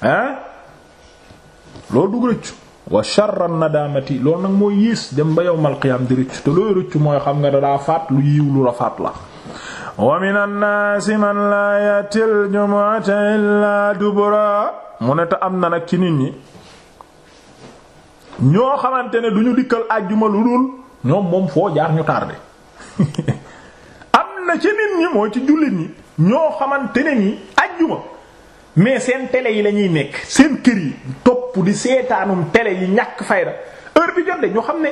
ah loolu dug rëccu wa sharra nadamati loolu nag mooy yées dem ba yowmal qiyaam di rëccu te looy rëccu mooy xam nga dadaa faat lu yiw lu rafaat la wa min annaasi man laa yatil jumu'ata illaa dubura mu ne te am na nag ci nit ñi ñoo xamante ne du ñu dikkal àjjuma lu dul ñoom moom foo jaar ñu tardé am na ci nit ñi mooy ci jullit ñi ñoo xamante ne ni àjjuma mais seen tele yi lañuy nekk seen kër yi topp di seetaanum télé yi ñàkk fayda heure bi jot de ñu xam ne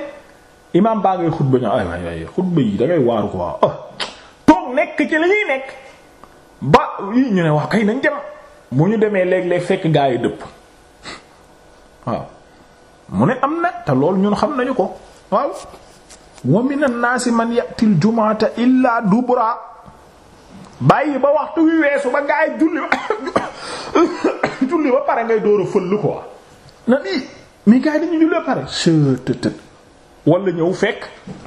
imaam baa ngay xutba ñu ay ay xutba yi da ngay waaru ko waaw oh, toog nekk ci la nekk ba yi ñu ne wax kay nañ dem bu ñu demee léeg-léeg fekk gaa yi dëpp waaw mu ne am na te loolu ñun xam nañu ko waaw wa minan naasi man ya'til jumu'ata illaa dubura bàyyi ba waxtu wi weesu ba gaa yi julli julli ba pare ngay door a fël quoi na nii mais gaa yi dañu julli ba pare sëtëtët wala ñëw fekk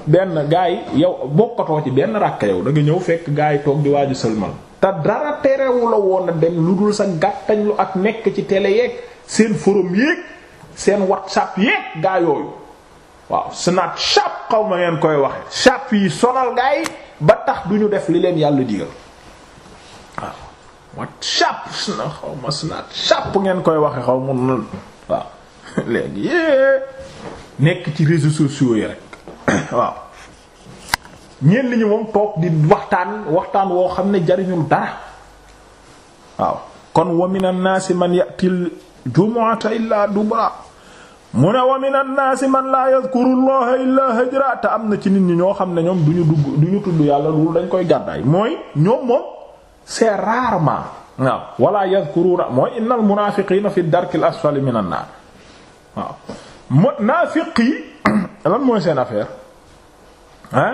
benn gaa yi yow bokkatoo ci benn ràkk yow da ñëw fekk gaa yi toog di waaju sëlmal te dara terewu la woon a dem lu dul sa gàttañ ak nekk ci télé yeeg seen forum yeeg seen whatsapp yeeg gaa yooyu waaw Snapchat xaw ma ngeen koy waxe chap yi sonal gaa yi ba tax du ñu def li leen yàlla digal wat chap na xaw ma snat chap ngeen koy waxe xaw mun na waaw léegi yée nekk ci réseaux sociaux yi rek waaw ñenn ñi moom toog di waxtaan waxtaan woo xam ne jariñul dara waaw kon wa naa si man yatil jumu'ata illaa dubra mu ne wa naa si man laa yadhkuru allaha illaa hajra am na ci nit ñi ñoo xam ne ñoom duñu dugg ñu tudd yàlla loolu dañ koy gàddaay mooy ñoom moom c'est rarement waaw wala yadhkuruna mooy innal munafiqina fi darkil asfali minan nar waaw munafiq yi mooy seen affaire ah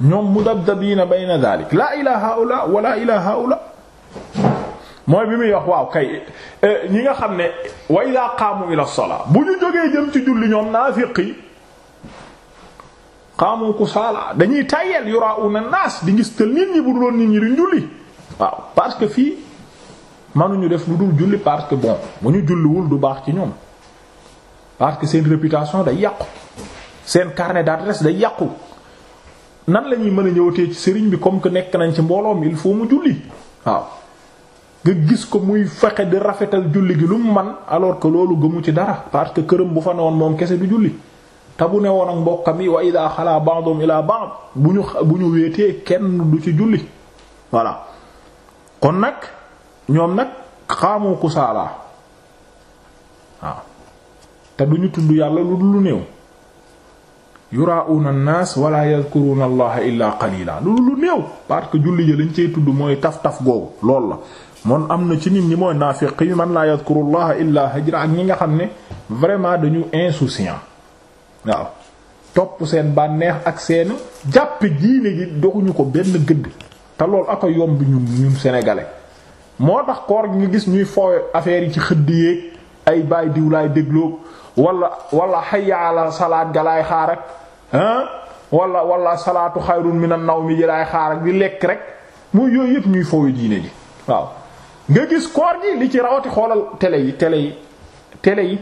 ñoom mudabdabina bayna dhalik la ila haula wala ila haula mooy bi muy wax waaw kay eh, ñi nga xam ne wa ila qaamu ila salaa bu ñu jógee jëm ci julli ñoom naafiq yi qaamu kusaala dañuy tayel yurauna naas di gis te nit ñi bu doon nit ñi di julli waaw parce que fii mënuñu def lu dul julli parce que bon bu ñu julliwul du baax ci ñoom parce que seen réputation day yàqu seen carnet d'adresse day yàqu nan la ñuy mën a ñëwatee ci sëriñ bi comme que nekk nañ ci mbooloo mi il faut mu julli waaw nga gis ko muy fexe di rafetal julli gi lu mu man alors que loolu gëmu ci dara parce que këram bu fa newoon moom kese du julli te bu ne woon ak mbokkam yi wa ida xalaa ba'dum ila ba'd bu ñu bu ñu wéetee kenn du ci julli kon nag ñoom nag xaamoo kusaalaa waaw te duñu tudd yàlla lu dul lu néew yuraa'una an-naas wala yadhkuruna allaha illa qalila lu dul lu néew parce que julli ja lañ cey tudd mooy taf-taf googu lool la moon am na ci nit ñi mooy naafiq yi man laa yadhkuru allaha illa hajra ak ñi nga xam ne vraiment dañu insouciant waaw topp seen bànneex ak seen jàpp diine gi doxuñu ko benn gëdd te loolu ak a yomb ñu ñun sénégalais moo tax koor gi nga gis ñuy fooy affaire yi ci xëdd yeeg ay baay diw laay dégloo walla wala hayya salaat ga laay xaar ak wala wala salaatu xayrun minan nawmi ji laay xaar ak di lekk rek muy yooyu yëpp ñuy fooy diine ji waaw. nga gis koor gi li ci rawati xoolal tele yi télé yi télé yi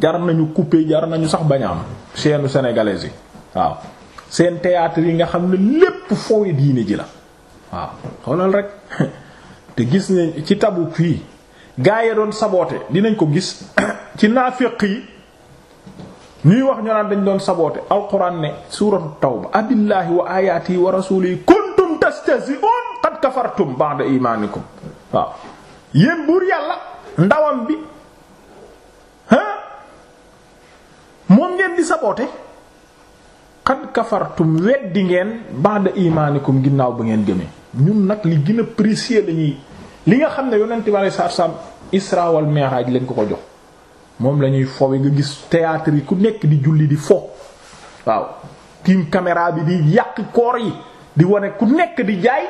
jar nañu couper jar nañu sax bañ a am chaîne yi waaw. seen théâtre yi nga xam ne lépp foowe diine ji la waaw xoolal rek te gis nañ ci Tabuk fii gaa yi doon saboote dinañ ko gis ci naafiq yi ñuy wax ñu naan dañ doon saboote alquran ne taw ba abillahi wa ayatihi wa rasulihi kuntum tastahzi'un qad kafartum ba'da imanikum waaw yéen buur yàlla ndawam bi ah moom ngeen di saboote qad kafartum weddi ngeen ba'da imaanikum ginnaaw ba ngeen gëmee ñun nag li gën a précieux lañuy li nga xam ne yonent bi alayhi salaatu salaam Isra wal Mi'raj lañ ko ko jox moom lañuy ñuy nga gis théâtre yi ku nekk di julli di fo waaw tiim caméra bi di yàq koor yi di wane ku nekk di jaay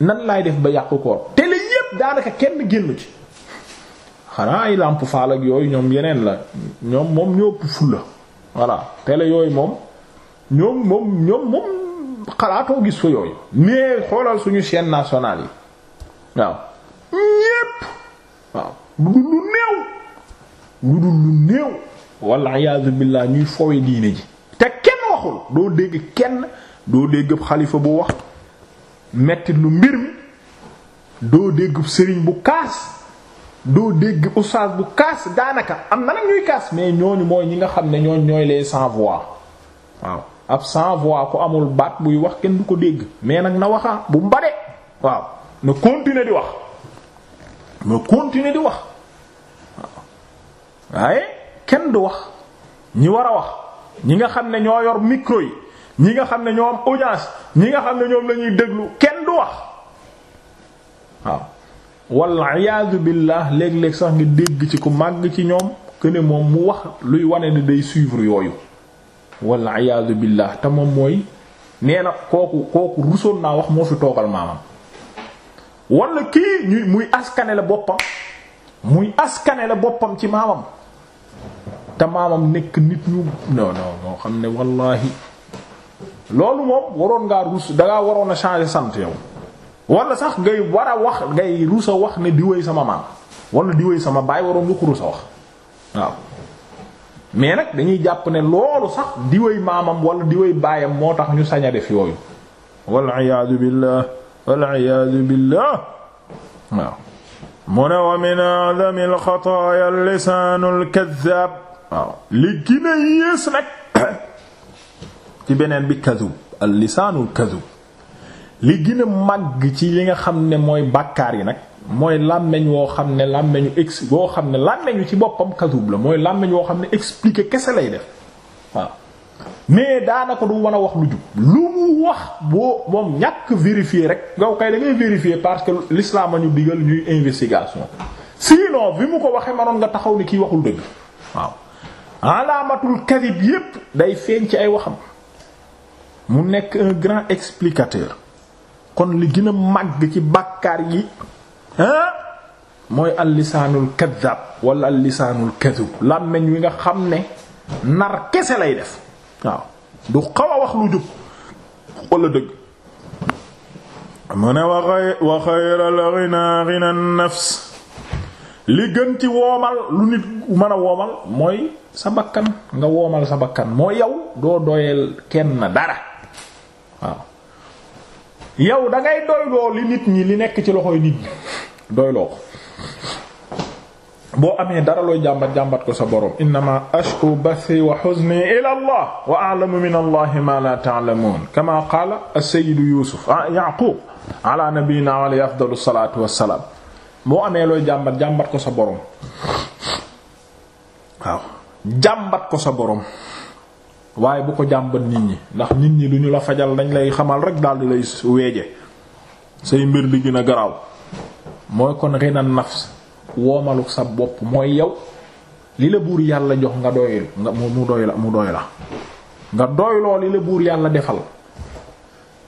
nan laay def ba yàq koor te li yépp daanaka kenn génn ci xanaa ay lamp faal yooyu ñoom yeneen la ñoom moom ñoo ëpp fulla voilà télé yooyu moom. ñoom moom ñoom moom xalaatoo gis fa yooyu mais xoolal suñu chaîne national yi waaw ñépp waaw lu dul lu néew lu dul lu néew walla iyaazu billaah ñuy fowe diine ji te kenn waxul doo dégg kenn doo dégg xalifa bu wax metti lu mbir mi doo dégg sëriñ bu kaas doo dégg oustaz bu kaas daanaka am na nag ñuy kaas mais ñooñu mooy ñi nga xam ne ñooñ ñooy les sans voix waaw ab sans voix ku amul baat buy wax kenn du ko dégg mais nag na waxa bu mbade waaw na continuer di wax na continuer di wax waaw waaye kenn du wax ñi war a wax ñi nga xam ne ñoo yor micro yi ñi nga xam ne ñoo am audience ñi nga xam ne ñoom lañuy déglu kenn du wax waaw walla iyaadu billaah léeg-léeg sax nga dégg ci ku màgg ci ñoom que moom mu wax luy wane ne day suivre yooyu wal iyaadu billah te moom mooy nee na kooku kooku rusoon naa wax moo fi toogal maamam wala kii muy askane la boppam muy askane la boppam ci maamam te maamam nekk nit ñu non non non xam ne wallaahi loolu moom waroon ngaa rus dangaa waroon a changer sant yow wala sax ngay war a wax ngay rusa wax ne di wéy sama maam walla di sama baay waroon nga ko rusa wax waaw mais nag dañuy jàpp ne loolu sax diwey maamam wala diwey baayam moo tax ñu sañ a def yooyu waliyaadu billah waliyaadu waaw mu ne wa min a'zami al-xataaya al waaw li gën yées nag ci beneen bi kadub al-lisaanu li gën a ci li nga xam ne mooy bàkkaar yi nag mooy làmmeñ woo xam ne làmmeñu ex woo xam ne làmmeñu ci boppam kasub la mooy làmmeñ woo xam ne expliquer kese lay def waaw mais daanaka du mën a wax lu jub lu mu wax boo moom ñàkk vérifier rek ngaw kay da ngay vérifier parce que l'islam ñu digal ñuy investigation sinon bi mu ko waxee manoon nga taxaw ni kiy waxul dëgg waaw alaamatul kadib yépp day feeñ ci ay waxam mu nekk un grand explicateur kon li gën a ci bàkkaar yi mooy allisaanul kaddaab wala allisaanul kadhub làmmeñ wi nga xam ne nar kese lay def waaw du xaw wax lu jub wala dëgg mu ne wa xayral ghina ghina nafs li gën ci woomal lu nit mën a woomal mooy sa bakkan nga woomal sa bakkan mooy yow doo doyeel kenn dara yow dangay ngay doyloo li nit ñi li nekk ci loxoy nit ñi doyloo ko boo amee dara looy jàmbat jàmbat ko sa borom. innama ashku bathi wa huzni ila allah wa a'lamu min allah ma la ta'lamun kama qaala ah, boo amee looy jàmbat jàmbat ko sa borom waaw jàmbat ko sa borom waaye bu ko jàmbat nit ñi ndax nit ñi du ñu la fajal dañ lay xamal rek daal di lay weeje say mbir li gën a garaaw mooy kon rinan nafs woomalu sa bopp mooy yow li la buur yàlla jox nga doyul nga mu la mu doy la nga doyloo li la buur yàlla defal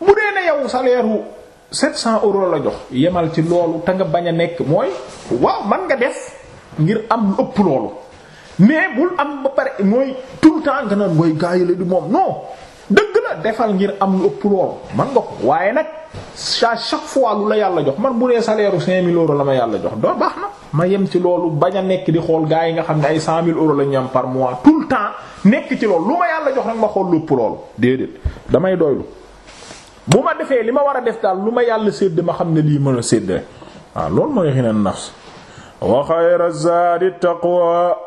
bu dee ne yow salaire wu 700 euros la jox yemal ci loolu te nga bañ a nekk mooy waaw man nga def ngir am lu ëpp loolu mais bul am ba pare mooy tout le temps nga naan mooy gaa yi la di moom non dëgg la defal ngir am lu ëpp loolu man nga ko waaye nag à chaque fois lu la yàlla jox man bu dee salaire u 5000 euros la ma yàlla jox doo baax na. ma yem ci loolu bañ a nekk di xool gaa yi nga xam ne ay 100000 euros la ñu par mois tout le temps nekk ci loolu lu ma yàlla jox nag ma xool lu ëpp damay doylu bu ma defee li ma war a def daal lu ma yàlla sédd ma xam ne lii mën a sédd waaw loolu mooy xinan nafs wa xayra zaadi taqwa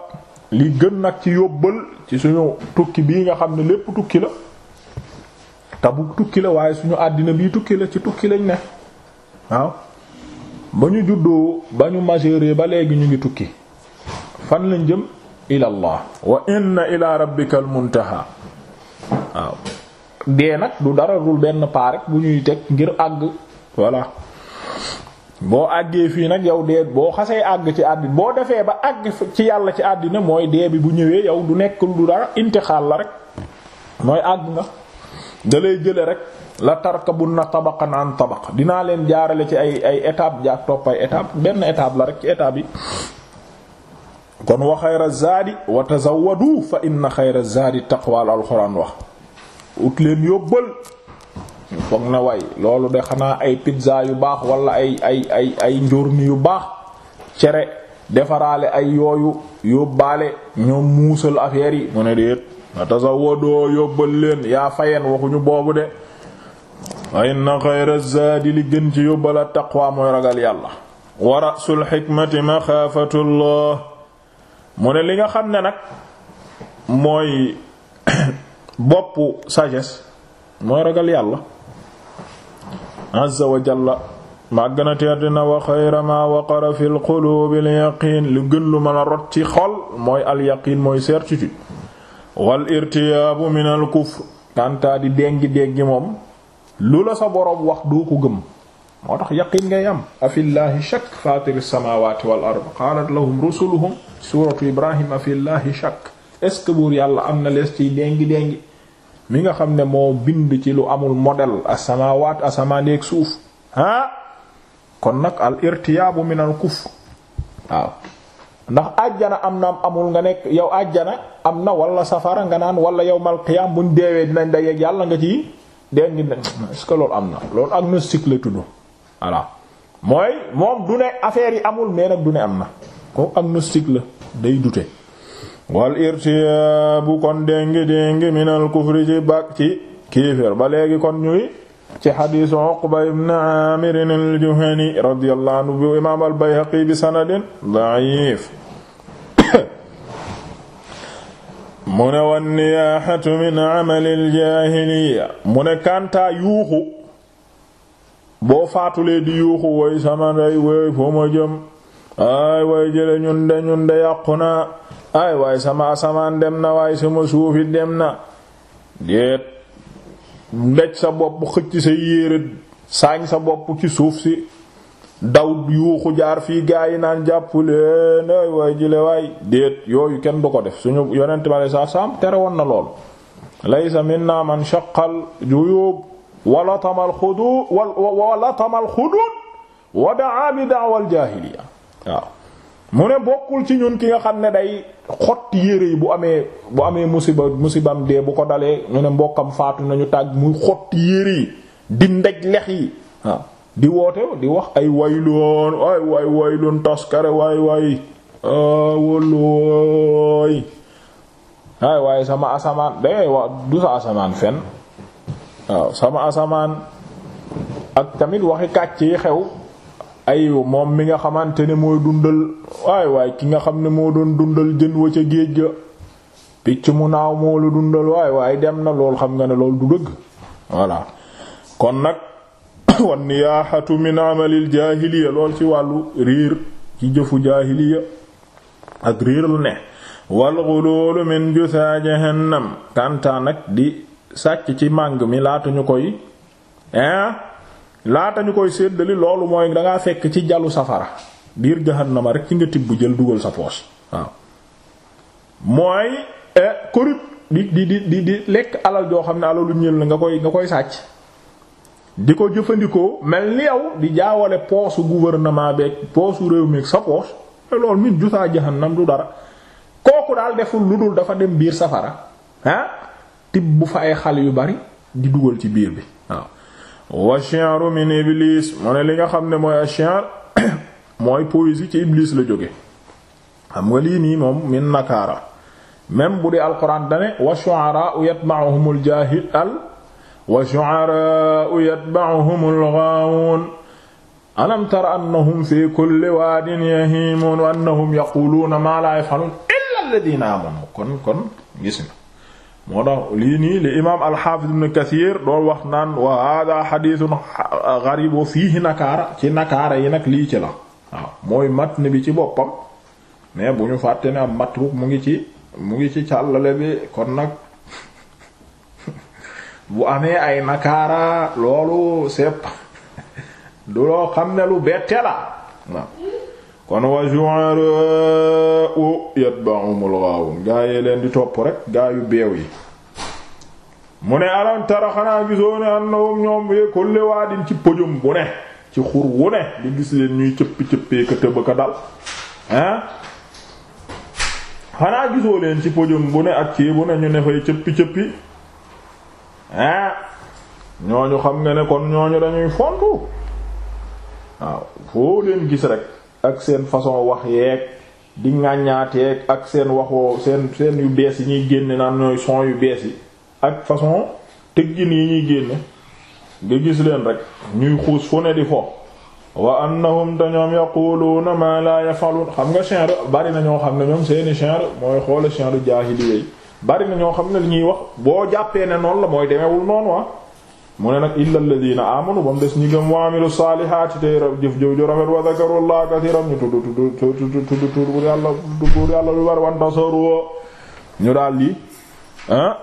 li gën nag ci yóbbal ci suñu tukki bii nga xam ne lépp tukki la te bu tukki la waaye suñu àddina bii tukki la ci tukki lañ ne waaw ba ñu juddoo ba ñu majeure ba léegi ñu ngi tukki fan lañ jëm ilallah wa inna ila rabbikal muntaha waaw dee nag du dara dul benn paa bu ñuy teg ngir àgg voilà boo àggee fii nag yow dee boo xasee àgg ci àddina boo defee ba àgg ci yàlla ci àddina mooy dee bi bu ñëwee yow du nekk du dara intixaal la rek mooy àgg nga da lay jële rek la tarkabunna tabaqan an tabaq dinaa leen jaarale ci ay ay étape jaak topp ay étape benn étape la rek ci étape yi kon wa xayra zaadi sa tazawwadu fa inna xayra zaadi alxuraan wax ut leen yóbbal ñu foog na waay loolu de xanaa ay pizza yu baax walla ay ay ay ay yu baax cere defaraale ay yooyu yóbbaale ñoom muusal affaire yi mu ne déet nga tasawadoo yóbbal leen yaa fayeen waxuñu boobu de wa inna li gën ci yóbbal a taqwa mooy ragal yàlla wa rasul xikmati maxaafatullah mu ne li nga xam ne nag mooy boppu sagesse mooy ragal yàlla azza wa jalla màgg na tedd na wa xayra ma waqara fi lqulubi lyaqiin lu gën lu mën a rot ci xol mooy alyaqiin mooy certitude wal irtiyaabu min al kufr kantaa di déngi-déggi moom lu la sa boroom wax doo ko gëm moo tax yaqiin ngay am afillaahi shakk faatiri samaawaati wal qaalat lahum rusuluhum suratu ibrahim afillaahi shakk est-ce buur yàlla am na lees ciy déngi-déngi mi nga xam ne moo bind ci lu amul modèle asamawaat asamaan ak suuf ah kon nag al irtiyaabu min al kuf waaw ndax àjjana am na am amul nga nekk yow àjjana am na wala safara nga naan wala yawmal qiyaam buñ deewee dinañ da yegg yàlla nga ci dee ngi est-ce que loolu am na loolu agnostique la tudd voilà mooy moom du ne affaire yi amul mais nag du ne am na ko agnostique la day dute wal irtiyaabu kon déngi déngi minal kufri ci bak ci ba léegi kon ñuy ci xadiisu Uqba ibn Aamir al-Juhani radiyallahu anhu imaam al-Bayhaqi sanadin da'if mu ne wan min amalil jaahiliya mu ne kantaa yuuxu boo faatulee di yuuxu woy sama woy foo ma jëm ay way jële ñun de ñun ay waay sama asamaan dem na waay sama suufi dem na déet ndej sa bopp xëcc sa yéere saañ sa bopp ci suuf si daw yuuxu jaar fii gaa yi naan jàpp leen ay waay jile waay déet yooyu kenn du ko def suñu yonent ma lay saa saam tere woon na lool laysa minna man shaqal juyub wala tamal xuduud wala tamal xuduud wa daa bi daawal jaahiliya waaw mu ne bokkul ci ñun ki nga xam ne day xotti yére yi bu amee bu amee musiba musibam dee bu ko dalee ñu ne mbokkam faatu nañu tàgg muy xotti yére yi di ndej lex yi di woote di wax ay wayloon ay way wayloon toskare way way walooy ay waaye sama asamaan dangay wax du sa asamaan fen waaw sama asamaan ak tamit waxi kàcc yi xew ay moom mi nga xamante ne mooy dundal waay waay ki nga xam ne moo doon dundal jën wa ca géej ga picc mu naaw moo la dundal waay waaye dem na lool xam nga ne lool du dëgg voilà kon nag wan niyaaxatu min jaahiliya lool ci wàllu riir ci jëfu jaahiliya ak riir lu ne wal ghulul min jusa jahannam kantaa nag di sàcc ci màng mi laatuñu koy hein laata ñu koy séddali loolu mooy dangaa ngaa fekk ci jalu safara biir jahannama rek ci nga tibb jël dugal sa poos waaw mooy e, korut di di di lekk alal joo xam ne alalu ñël la nga koy nga koy sàcc di ko jëfandikoo mel ni yow di jaawale poosu gouvernement beeg poosu réew mi sa poos te loolu min jusaa jahannam du dara kooku daal deful lu dul dafa dem biir safara ah tibb bu fa ay xal yu bari di dugal ci biir bi wa shi'ru min iblis mu li nga xam ne mooy ash-shi'r mooy poésie ci iblis la jóge am nga lii moom min nakaara même bu dee alquran dane wa shu'ara'u yatba'uhumul jaahil al wa alam tara annahum fi kulli waadin yahimun wa annahum yaquluuna ma la yaf'alun illa alladhina amanu kon kon gis moo tax lii nii li imaam al-Hafiz Kathir doon wax naan wa hada xadiisun gharib wa nakaara ci nakaara yi nag lii ci la waaw mooy matn bi ci boppam mais bu ñu fàtte ne am matruk mu ngi ci mu ngi ci càllale bi kon nag bu amee ay nakaara loolu sepp du loo xam ne lu bette la waaw kon wa shu'ara'u yatba'umul ghaawun gaa yee leen di topp rek gaa yu beew yi mu ne alam tara xanaa gisoo ne annahum ñoom yee kulli waadin ci pëjum bu ne ci xur wu ne di gis leen ñuy cëppi cëppee ka tëb ka dal xanaa gisoo leen ci pëjum bu ne ak ci bu ne ñu ne fay cëppi cëppi hein ñooñu xam nga ne kon ñooñu dañuy fontu waaw foo leen gis rek ak seen façon wax yeeg di ŋàññaateeg ak seen waxoo seen seen yu bees yi ñuy génne naan ñooy son yu bees yi ak façon tëggin yi ñuy génne nga gis leen rek ñuy xuus fu ne di fo wa annahum te ñoom yaquluuna ma la yafaluun xam nga chenre bari na ñoo xam ne ñoom seeni chenre mooy xoola chenre jaahiliya yi bari na ñoo xam ne li ñuy wax boo jàppee ne noonu la mooy demeewul noonu wa ah. mu ne nag illa alladina amanu ba mu des ñi gëm wa amilu saalihaati tey jëf jëf ju rafet wa zakarullaha kasiiran ñu tudd tudd tudd tudd tur bu yàlla buur yàlla bi war wantasaru ñu daal di ah,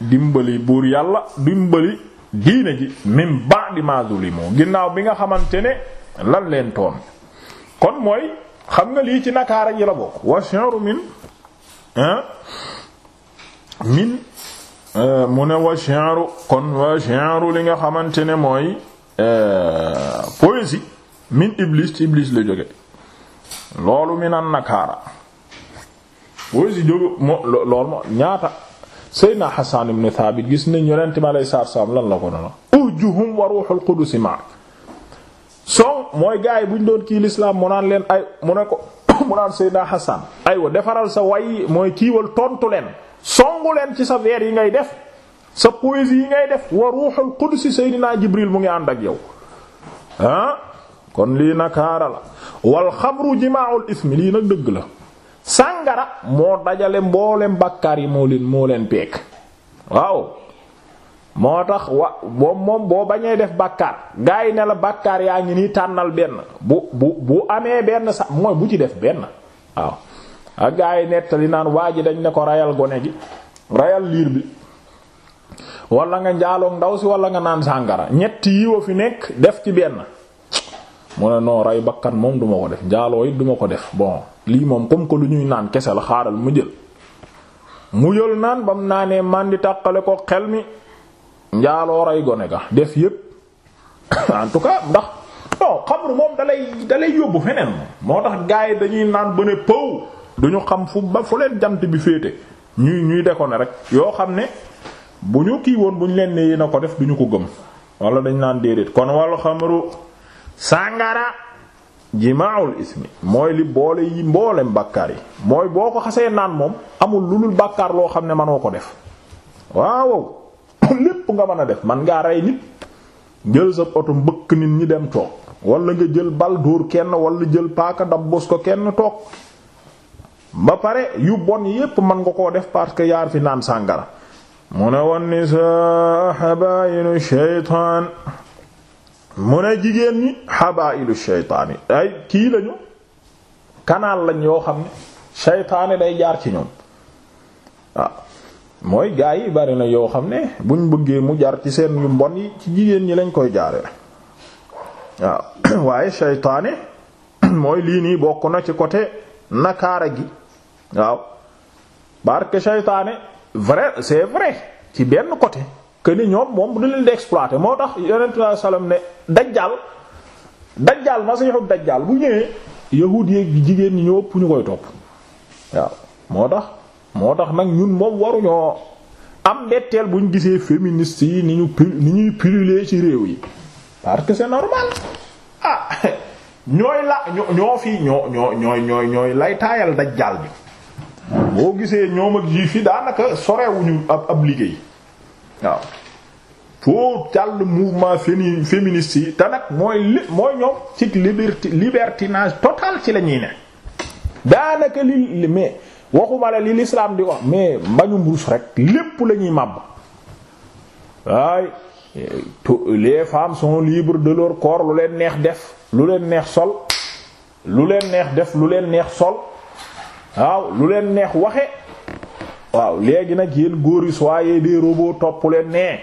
dimbali buur yàlla dimbali diine ji min ba'di ma zulimu ginnaaw bi nga xamante ne lan leen toon kon mooy xam nga lii ci nakaara ji la bokk wa shi'ru min ah, min Euh, mu ne wa shi'ru kon wa shi'ru li nga xamante ne mooy euh, poésie min iblis ci iblis la jóge loolu mi naan nakaara poésie jóge moo loolu moo ñaata Seydina Hassan ibn Thabit gis nañ yonent mi alayhi salaatu salaam lan la ko doon uhjuhum wa ruuhul qudus ma'ak soo mooy gars yi bu ñu doon kii lislaam mu naan leen ay mu ne ko mu naan Seydina Hassan aywa defaral sa way mooy kiiwal tontu leen songu leen ci sa vers yi ngay def sa poésie yi ngay def wa ruuxul qudsi seydinaa jibril mu ngi ànd ak yow ah kon lii nakaara la wal xamru jimaa'ul ismi lii nag dëgg la sàngara moo dajale mboolem bàkkaar yi moo leen moo leen peek waaw moo tax wa moom boo bañee def bàkkaar gaa yi ne la bàkkaar yaa ngi nii tànnal benn bu bu bu amee benn sa mooy bu ci def benn waaw ak gaa yi nettali naan waa ji dañ ne ko rayal gone gi rayal liir bi wala nga njaaloog ndaw si walla nga naan sàngara ñetti yi fi nekk def ci benn mu ne non ray bakkan moom duma ko def njaaloo it duma ko def bon lii moom comme que lu ñuy naan kese la xaaral mu jël mu jël naan bam naanee màndi di tàqale ko xel mi njaaloo ray gone ga def yépp en tout ndax non moom dalay dalay yóbbu feneen moo tax gaa yi dañuy naan ba pëw duñu xam fu ba fu leen jant bi féete ñuy ñuy de ko ne rek yoo xam ne bu ñu kii woon bu ñu leen ne na ko def duñu ko gëm wala dañ naan déedéet kon wal xamru sàngara jimaawul ismi mooy li boole yi mboolem bàkkaar yi mooy boo ko xasee naan moom amul lu dul bàkkaar loo xam ne manoo ko def waaw lépp nga mën a def man ngaa rey nit jël sa oto mbëkk nit ñi dem toog wala nga jël bal dóor kenn wala jël paaka dabbos ko kenn toog ba pare yu bon yépp man nga koo def parce que yaar fi naan sàngara mu ne wan nisaa habaayilu shaytaan mu ne jigéen ñi habaayilu shaytaan yi ay kii lañu kanaal lañ yoo xam ne shaytaane day jaar ci ñoom waaw ah, mooy gaa yi bari na yoo xam ne buñ bëggee mu jaar ci seen yu mbon yi ci jigéen ñi lañ koy jaaree waaw ah, waaye shaytaane mooy lii nii bokk na ci côté. nakaara gi waaw parce que seytaane vrai c'est vrai ci benn côté que ni ñoom moom du leen di exploiter moo tax yonent bi sallam ne dajjal dajjal masiixu dajjal bu ñëwee yahuud yi jigéen ñi ñoo ëpp ñu koy topp waaw moo tax moo tax nag ñun moom waruñoo am mbetteel buñ gisee féministes yi ni ñu ni ñuy pulluler ci réew yi parce que c'est ah ñooy la ñoo fi ñoo ñoo ñooy ñooy ñooy lay taayal bi boo gisee ñoom ak juif yi daanaka sorewuñu ab ab liggéey waaw foo jàll mouvement féminin féministe yi te nag mooy li mooy ñoom ci liberti libertinage total ci la ñuy ne. daanaka li mais waxuma la li l'islam di wax mais mbañu mbuus rek lépp lañuy ñuy màbb waaye les femmes sont libre de leur corps lu leen neex def lu leen neex sol lu leen neex def lu leen neex sol waaw lu leen neex waxe waaw léegi nag yéen góor yi soyez des robots topp leen nee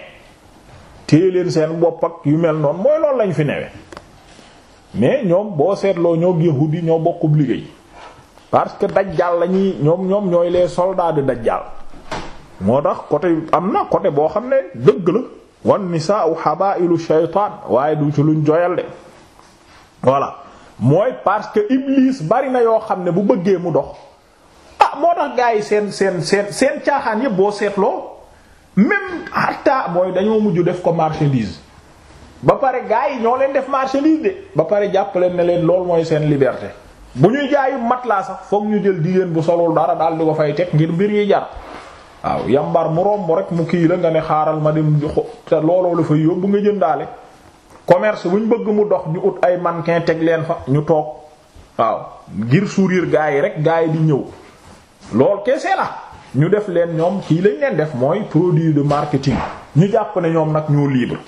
téye leen seen bopp yu mel noonu mooy loolu lañ fi newe mais ñoom boo seetloo ñoo yahudi ñoo bokkub liggéey parce que dajjal lañuy ñoom ñoom ñooy lee soldats de dajjal moo tax côté am na côté boo xam ne dëgg la. wan nisaa'u habaa'ilu shaytaan waaye du ci luñ joyal de voilà mooy parce que Iblis bari na yoo xam ne bu bëggee mu dox ah moo tax gars yi seen seen seen seen caaxaan yëpp boo seetloo même hatta mooy dañoo mujj def ko marchandise ba pare gaa yi ñoo leen def marchandise de ba pare jàppaleen ne leen lool mooy seen liberté bu ñuy jaayu mat laa sax foog ñu jël di jigéen bu solul dara daal di ko fay teg ngir mbir yi jar waaw yambar mu romb rek mu kii la nga ne xaaral ma dem te looloo la fa yóbbu nga jëndaale commerce bu ñu bëgg mu dox ñu ut ay mannequin teg leen fa ñu toog ngir sourire gaa yi rek gaa yi di ñëw lool kese la ñu def leen ñoom kii lañ leen def mooy produit de marketing ñu jàpp ne ñoom nag ñu libre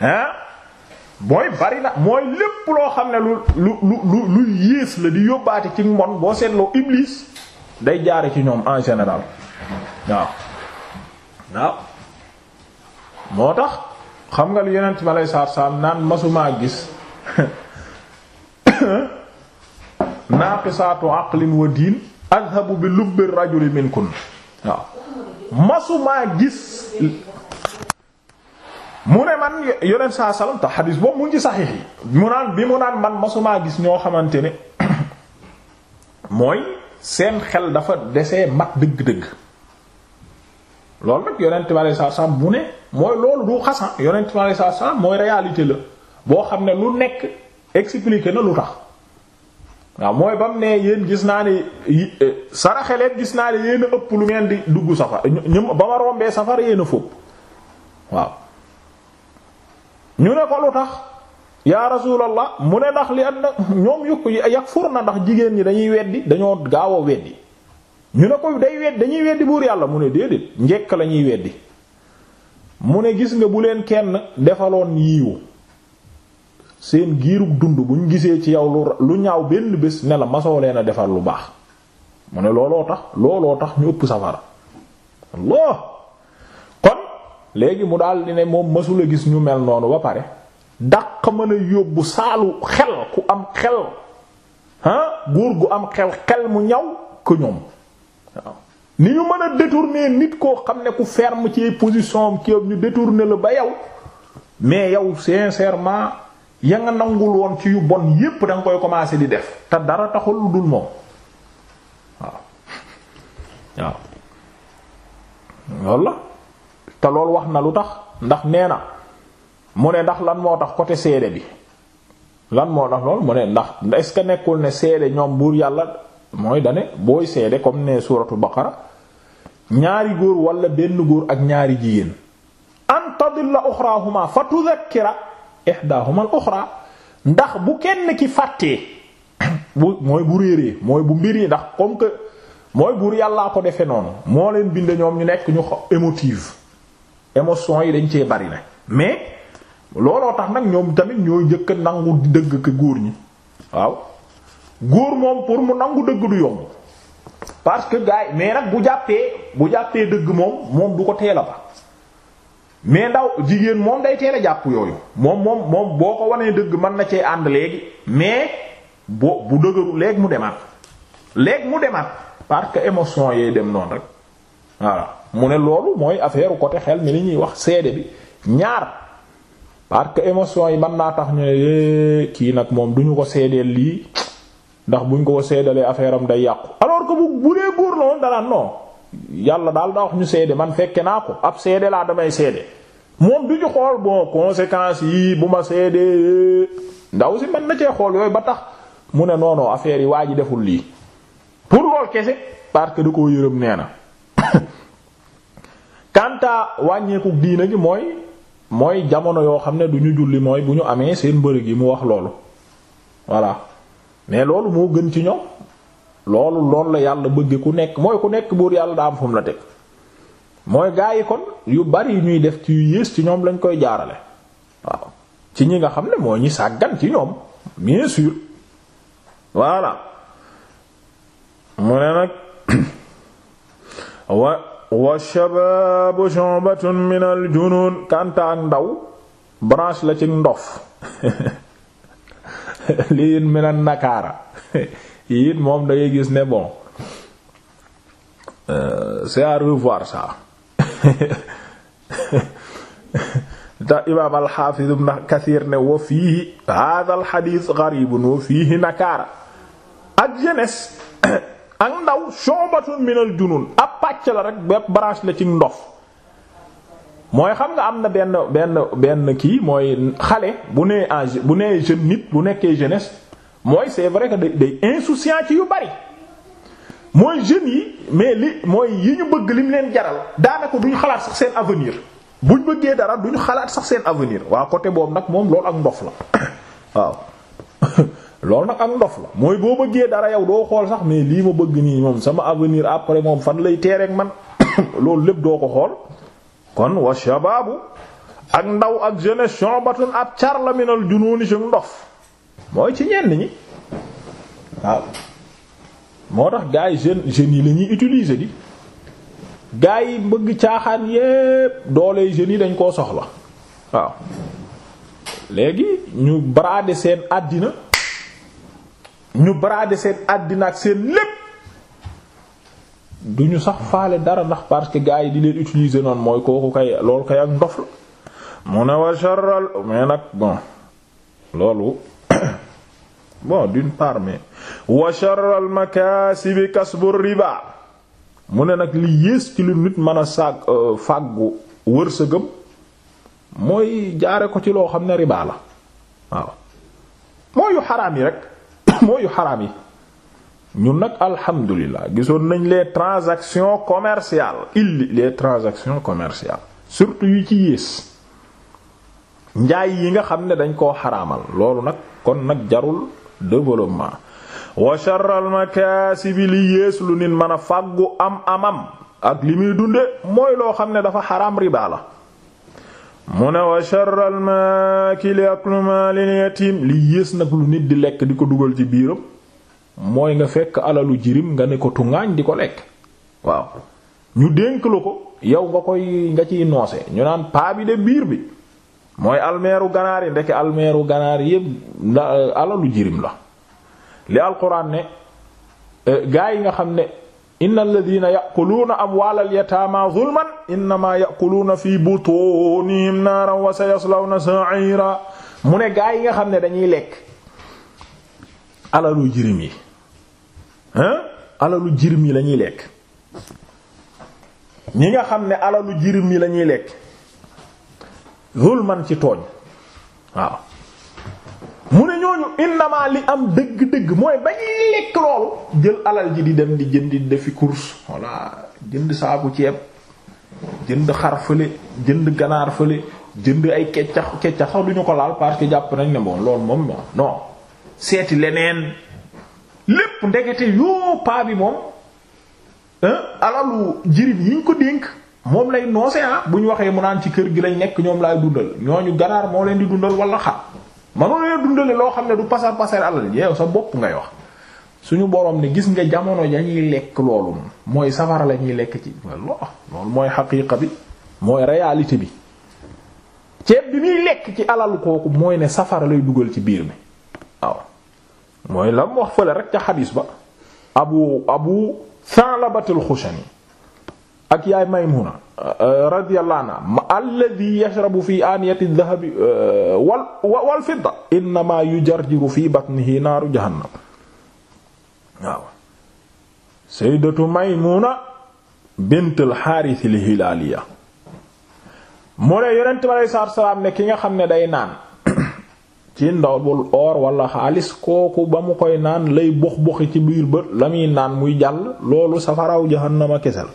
hein mooy bari na mooy lépp loo xam ne lu lu lu lu yées la di yóbbaate ci mbon boo seetloo Iblis day jaare ci ñoom en général waaw waaw moo tax xam nga lu yeneen ci alayhi salaatu salaam naan masumaa gis naaqisaatu aqlin wa diin adhabu bi lubbi rajuli minkun waaw masumaa gis mu ne man yeneen saa salaam tax xadiis boobu mu ci saxiix yi mu naan bi mu naan man masumaa gis ñoo xamante ne mooy seen xel dafa desee mat dëgg-dëgg loolu nag yonent bi alayhi salaam mu ne mooy loolu du xasan ah. yonent bi alayhi salaam mooy réalité la boo xam ne lu nekk expliqué na lu tax waaw mooy ba mu ne yéen gis naa ne e, saraxeleet gis naa ne yéen ëpp lu ngeen di dugg safar ñu ba ma rombee safar yéen a waaw ñu ne ko lu tax yaa rasulallah mu ne ndax li am na ñoom yukk fur na ndax jigéen ñi dañuy weddi dañoo gaaw a weddi ñu ne ko day wedd dañuy weddi buur yàlla mu ne déedéet njekk lañuy ñuy weddi mu ne gis nga bu leen kenn defaloon yiiwu seen giirug dund bu ñu gisee ci yow lu ñaaw benn bés ne la masoo leen a defal lu baax mu ne looloo tax looloo tax ñu ëpp safara Allah kon léegi mu daal di ne moom masula gis ñu mel noonu ba pare daq mën a yóbbu saalu xel ku am xel ah góor gu am xel xel mu ñaw ku ñoom waaw ni ñu mën a détourner nit koo xam ne ku ferme ci position ki kii ñu détourner la ba yow mais yow sincèrement ya nga nangul woon ci yu bon yépp danga koy commencer di def te dara taxul lu dul moom waaw waaw. loolu te loolu wax na lu tax ndax nee na mu ne ndax lan moo tax côté seede bi lan moo tax lool mu ne ndax est-ce que nekkul ne seede ñoom buur yàlla. mooy dane booy seede comme ne suuratu baqara ñaari góor walla benn góor ak ñaari jigéen an tadilla uxraahuma fa tudhakkira ihdaahuma al-uxra ndax bu kenn ki fàttee bu mooy bu réeree mooy bu mbir yi ndax comme que mooy buur yàllaa ko defe noonu moo leen bind ñoom ñu nekk ñu émotive émotion yi dañ cee bari na mais looloo tax nag ñoom tamit ñoo njëkk nangu dëgg ke góor ñi waaw góor moom pour mu nangu dëgg du yomb parce que gars mais nag bu jàppee bu jàppee dëgg moom moom du ko teel a ba mais ndaw jigéen moom day teel a jàpp yooyu moom moom moom boo ko wanee dëgg man na cee ànd léegi mais boo bu dëgëru léegi mu demaat léegi mu demaat parce que émotion yee dem noonu rek voilà mu ne loolu mooy affaire côté xel mi li ñuy wax seede bi ñaar parce que émotion yi man naa tax ñu ne eh, kii nag moom du ñu ko seedeel lii. ndax buñ ko ko seedalee affaire am day yàqu alors que bu bu dee góor la woon danaan non yàlla daal daa wax ñu seede man fekke naa ko ab seede laa damay seede moom du ñu xool bon conséquences yi bu ma seedee ndaw si man na cee xool yooyu ba tax mu ne non non yi waa ji deful lii pour lool kese parce que da koo yërëm nee na. quant à wàññeeku diina gi mooy mooy jamono yoo xam ne du ñu julli mooy bu ñu amee seen mbërëg yi mu wax loolu voilà. mais loolu moo gën ci ñoom loolu loolu la yàlla bëggee ku nekk mooy ku nekk buur yàlla daa am fu la teg mooy gaa yi kon yu bari yu ñuy def ci yu yées ci ñoom lañ koy jaarale waaw ci ñi nga xam ne moo ñi sàggan ci ñoom bien sûr voilà mu ne nag wa wa shababu shubatun junun kanta ndaw branche la ci ndof liin minan nakaara it moom da gis ne bon euh, c'est à revoir ça tax imaam alxaafis ibn Kasiir ne wa fiihi hada alxadis garibun wa fiihi nakaara ak jeunesse ak ndaw shobatun minal junun ab pàcc la rek bépp branche la ci ndox mooy xam nga am na benn benn benn kii mooy xale bu nee en bu nee jeune nit bu nekkee jeunesse mooy c'est vrai que day day insouciant ci yu bari mooy jeunes yi mais li mooy yi ñu bëgg lim leen jaral daanaka duñ xalaat sax seen avenir buñ bëggee dara duñ xalaat sax seen avenir waa côté boobu nag moom loolu ak ndof la waaw loolu nag ak ndof la mooy boo bëggee dara yow doo xool sax mais lii ma bëgg nii moom sama avenir après moom fan lay teereek man loolu lépp doo ko xool. kon wa shababu ak ndaw ak jeunesse shubatun ab carla minal jununi ci ndof mooy ci ñenn ñi waaw moo tax gars yi jeunes jeunes yi lañuy ñuy utiliser di gars yi bëgg caaxaan yépp dooley jeunes yi dañ koo soxla waaw léegi ñu brader seen àddina ñu brader seen àddina ak seen lépp du ñu sax faale dara ndax parce que gars yi di leen utiliser noonu mooy kooku kay loolu kay ak ndof la mu ne wa sharral mais nag bon loolu bon mu ne nag li yées ci lu nit mën a saag euh, fàggu wërsëgam mooy jaare ko ci loo xam ne riba la waaw mooy xaraam yi rek mooy xaraam yi ñun nag alhamdulilah gisoon nañ les transactions commerciales illi les transactions commerciales surtout yu ci yées njaay yi nga xam ne dañ koo xaraamal loolu nag kon nag jarul développement wa sharral makasibi li yées lu nit mën a fàggu am amam ak li muy dunde mooy loo xam ne dafa xaraam riba la mu ne wa sharral maakili aklu maalil yatiim li yées nag lu nit di lekk di ko dugal ci biiram mooy nga fekk alalu jirim nga ne ko tungaañ di ko lekk waaw ñu dénk la ko yow nga koy nga ciy noose ñu naan paa de biir bi mooy almeeru ganaar yi ndeke almeeru ganaar yépp nda euh, alalu jirim la li alquran ne euh, gaa yi nga xam ne innal ladina yaquluuna amwaalal yataama zulman innamaa yaquluuna fi butuunihim naaran wa sayaslawna mu ne gaa yi nga xam ne dañuy lekk alalu jirim yi hein alalu jirim yi lañuy lekk ñi nga xam ne alalu jirim yi lañuy lekk man ci tooñ waaw mu ne ñooñu innama li am dëgg dégg mooy ba ñuy lekk loolu jël alal ji di dem di jëndi defi course voilà jënd saaku ceeb jënd xar fële jënd ganaar fële jënd ay keccax keccax sax duñu ko laal parce que jàpp nañ ne bon loolu moom non seeti leneen lépp ndekete yoo paa bi moom alalu jirim yi ñu ko dénk moom lay noose ah bu ñu waxee mu naan ci kër gi lañ nekk ñoom laay dundal ñu ganaar moo leen di dundal walla xar manoo leen loo xam ne du pasar pasar alal yeew sa bopp ngay wax suñu borom ne gis nga jamono ja ñuy lekk loolu mooy safara la ñuy lekk ci loolu mooy xaqiiqa bi mooy réalité bi ceeb bi muy lekk ci alal kooku mooy ne safara lay dugal ci biir mi waaw mooy la mu wax fële rek ca xadiis ba abu abu Salabatul Xushani ak yaay Maymuna euh, radiyallahu anha alladhi yashrabu fi aniyati adh-dhahabi euh, wal wal fidda innama yujarjiru fi batnihi naaru jahannam waaw sayyidatu Maymuna bint al-Harith al-Hilaliya mu ne yonent bi alayhi salaatu wa salaam ne ki nga xam ne day naan ci ndawul or wala xaalis kooku ba mu koy naan lay box boxi ci biir bët la muy naan muy jàll loolu safaraw jahannama kesel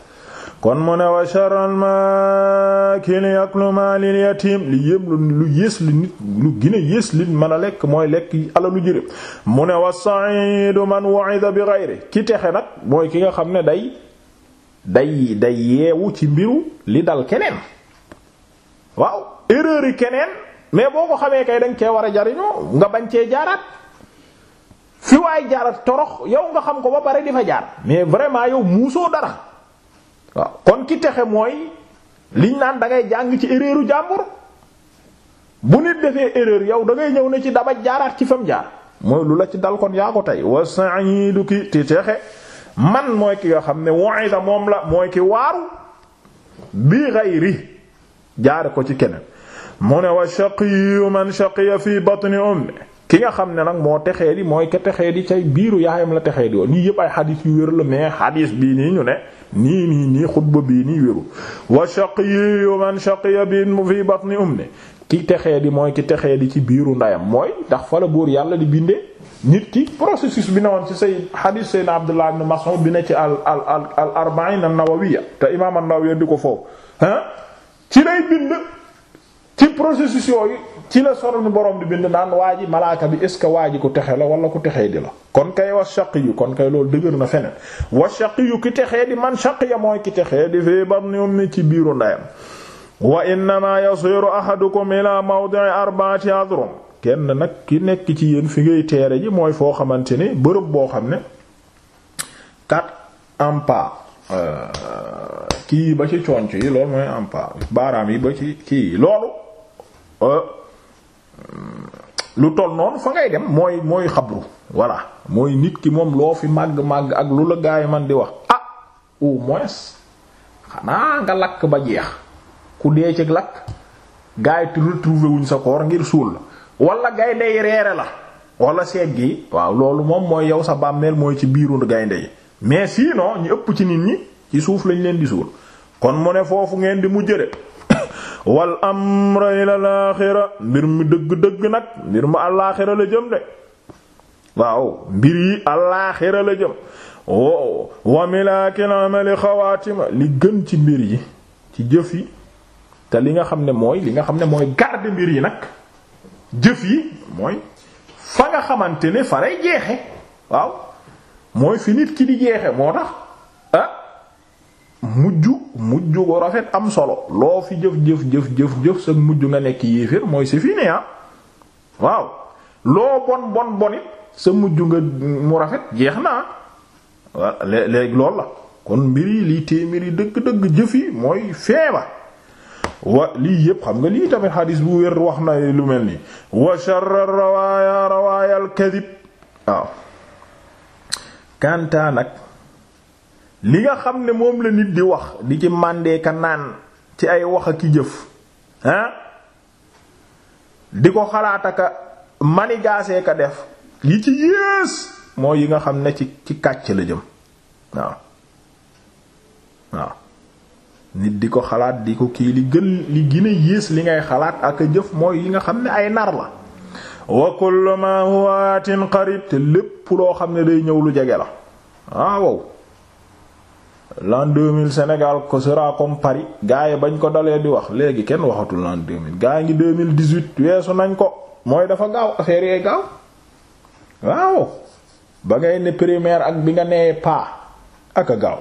kon mu ne wa sharal maakili yaklu maalil yatim li yépp lu yées li nit lu gën yées li man a lekk mooy lekk alalu jërim mu ne wa sa'idu man wa'ida bi ghayri ki texe nag mooy ki nga xam ne day day day yeewu ci mbiru li dal keneen waaw erreur keneen mais boo ko xamee kay danga cee war a jariñoo nga bañ cee jaaraat fi waay jaarat torox yow nga xam ko ba pare di fa jaar mais vraiment yow muusoo dara waaw kon ki texe mooy liñ naan da jàng ci erreuru jàmbur bu nit defee erreur yow da ñëw ne ci daba jaaraat ci fam jaar mooy lu la ci dal kon yaa ko tey wa sa'idu ki ti texe man mooy ki nga xam ne wa'iza moom la mooy ki waaru bi ghayri jaare ko ci keneen mu ne wa shaqiyu man shaqiya fi batni ummi ki nga xam ne nag moo texee di mooy ka texee di cay biiru yaayam la texee di woon nii yëpp ay xadis yu wér la mais xadis bii nii ñu ne nii nii nii xutba bii nii wéru wa shaqiyu man shaqiya bi fi batni ummi ki texee di mooy ki texee di ci biiru ndeyam mooy ndax fa la buur yàlla di bindee nit ki processus bi ne woon ci say xadiis sayna Abdullah ibn Mas'ud bi ne ci al al al al arba'in an-nawawiyya te imaam an-Nawawi foofu ci processus yooyu ci la soroon borom bi bind naan waa ji malaaka bi est ce que waa ji ku texe la wala ku texee di la kon kay wa yu kon kay loolu dëgër na feneen wa shaqiyu ki texe di man shaqiya mooy ki texee di fee ba ñoom ni ci biiru ndeyam wa innama yasiru ahadukum ila mawdi'i arba'ati adrum kenn nag ki nekk ci yéen fi ngay teere ji mooy foo xamante ni bërëb boo xam ne quatre ampa euh, kii ba ci conc yi loolu mooy ampa baaraam yi ba ci kii loolu Euh, lu toll noonu fa ngay dem mooy mooy xabru voilà mooy nit ki moom loo fi màgg-màgg ak lu la gaay man di wax ah au moins xanaa nga lakk ba jeex ku dee ci lakk gaay yi wuñ sa koor ngir suul la walla gaynde yi reere la wala seeg gi waaw loolu moom mooy yow sa bàmmeel mooy ci biiru gaynde yi mais sinon ñu ëpp ci nit ñi ci suuf lañ leen di suul kon mu ne foofu ngeen di mujjëre wal amra ila mbir mi dëgg-dëgg nag mbir mu àllaaxira la jëm de waaw mbir yi àllaaxira la jëm wo wa milaakil amali xawaatima li gën ci mbir yi ci jëf yi te li nga xam ne mooy li nga xam ne mooy garde mbir yi nag jëf yi mooy fa nga xamante ne faray jeexe waaw mooy fi nit ki di jeexe moo tax mujj mujj ko rafet am solo loo fi jëf jëf jëf jëf jëf sa mujj nga nekk yéeféer mooy c'est fini ah waaw loo bon bon bonit sa mujj nga mu rafet jeex naa ah. waa léegi lool la kon mbir yi lii téeméeri dëgg dëgg jëf mooy feebar wa lii yépp xam nga lii tamit xadis bu wér wax na lu mel nii wa rawaaya rawaayal kadib waaw kantaa nag li nga xam ne moom la nit di wax di ci màndeeka naan ci ay wax ak i jëf ah di ko xalaat aka manigaasee ka def yi ci yées mooy yi nga xam ne ci ci kàcc la jëm waaw waaw nit di ko xalaat di ko kii li gën li gën yées li ngay xalaat ak a jëf mooy yi nga xam ne ay nar la wa kullu ma huwa atin te lépp loo xam ne day ñëw lu jege la ah, waaw l'an 2000 Sénégal ko sera comme Paris gars bañ ko dalee di wax léegi kenn waxatul l'an 2000 gars yi ngi 2018 weesu nañ ko mooy dafa gaaw affaire yee gaaw waaw ba ngay ne primaire ak bi nga nee paa ak gaaw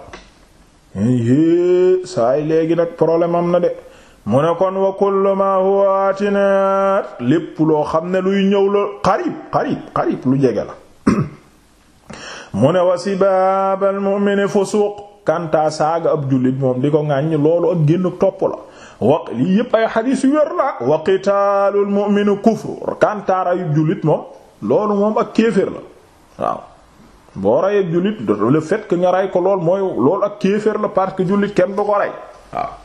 saa yi léegi nag problème am na de mu ne kon wa kullu ma lépp loo xam ne luy ñëw la xarib xarib xarib lu jege la mu ne wa sibaabal mu'mini fusuq kanta saaga ab jullit moom di ko ŋàññ loolu ak génn topp la wa lii yëpp ay xadiis yu wér la wa qitaalul mu'minu kufru kanta rayub jullit moom loolu moom ak kéefër la waaw boo rayee jullit le fait nga rey ko lool mooy loolu ak kéefër la parce que jullit kenn du ko rey waaw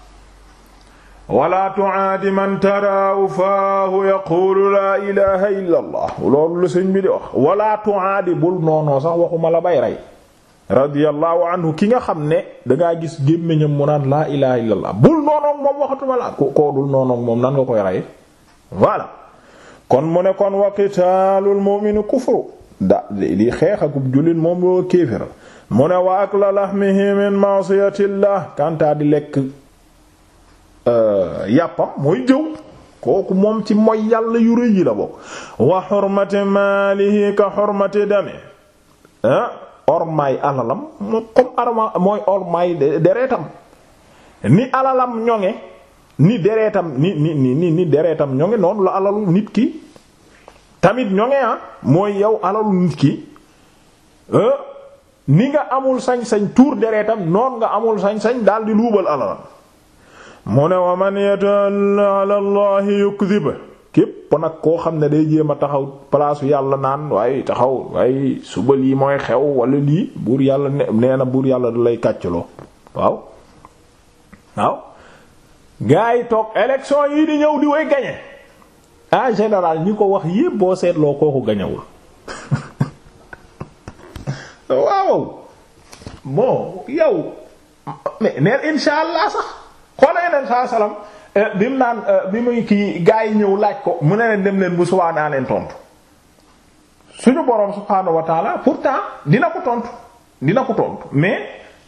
wala tuaadi man taraaw faahu yaqulu laa ilaha illa allah loolu la sëñ bi di wax wala tuaadi bul noonoo sax waxuma la bay rey radiyallahu anhu ki nga xam ne dangaa gis gémmiñam mu naan laa ilaha illallah bul noonoog moom waxatuma la koo dul noonoog moom nan nga koy rey voilà kon mu ne kon wa qitaalul mu'mini kufru da di xeex akub jullit moom loo kéefér mu ne wa akla lahmihi min ma'siyatillah kantaa di lekk euh, yàppam mooy jëw kooku moom ci mooy yàlla yu rëy yi la bokk wa xurmati maalihi ka dami ah. ormaay alalam moom comme arma mooy ormaay dereetam ni alalam ñoŋe ni dereetam ni ni ni ni dereetam ñoŋe noonu la alalu nit ki tamit ñoŋe ah mooy yow alalu nit ki euh, ni nga amul sañ-sañ tuur dereetam noon nga amul sañ-sañ daal di luubal alalam mu ne wa man yata'alla ala allahi yukdhiba képp nag koo xam ne day jéem a taxaw palaasu yàlla naan waaye taxaw waaye suba lii mooy xew walla lii buur yàlla nee na buur yàlla da lay kàccloo waaw waaw gaa yi toog élection yii di ñëw di way gañe en général ñi ko wax yépp boo seetloo ko gañewul waaw bon yow neen insha allah sax xoola yeneen saa salaam Euh, bi mu naan euh, bi muy kii gaa yi ñëw laaj ko mu ne leen dem leen bu subaa naa leen tontu suñu borom subhaanahu wa pourtant dina ko tontu dina ko tontu mais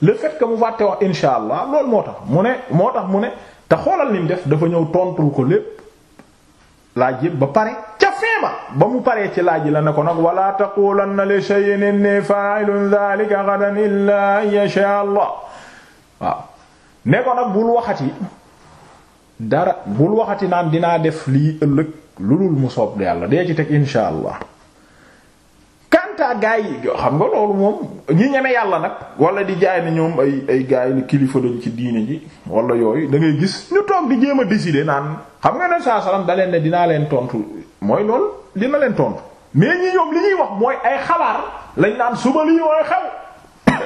le fait mu fàtte wax insha allah loolu moo tax mu ne moo tax mu ne te xoolal ni mu def dafa ñëw tontu ko lépp laaj yépp ba pare ca fin ba mu paree ci laaj yi la ne ko nag wala taqulanna li shay'in inni fa'ilun dhalika ghadan illa ko nag bul waxati dara bul waxati naan dinaa def lii ëllëg lu dul mu soob yàlla dee ci teg insha allah kantaa gaay yi xam nga loolu moom ñi ñeme yàlla nag wala di jaay ne ñoom ay ay gaay ni kilifa dañ ci diine ji wala yooyu da ngay gis ñu toog di jéem a décider naan xam nga ne saa salaam da leen ne dinaa leen tontu mooy loolu ma leen tontu mais ñi ñoom li ñuy wax mooy ay xabaar lañ naan suba lii mooy xew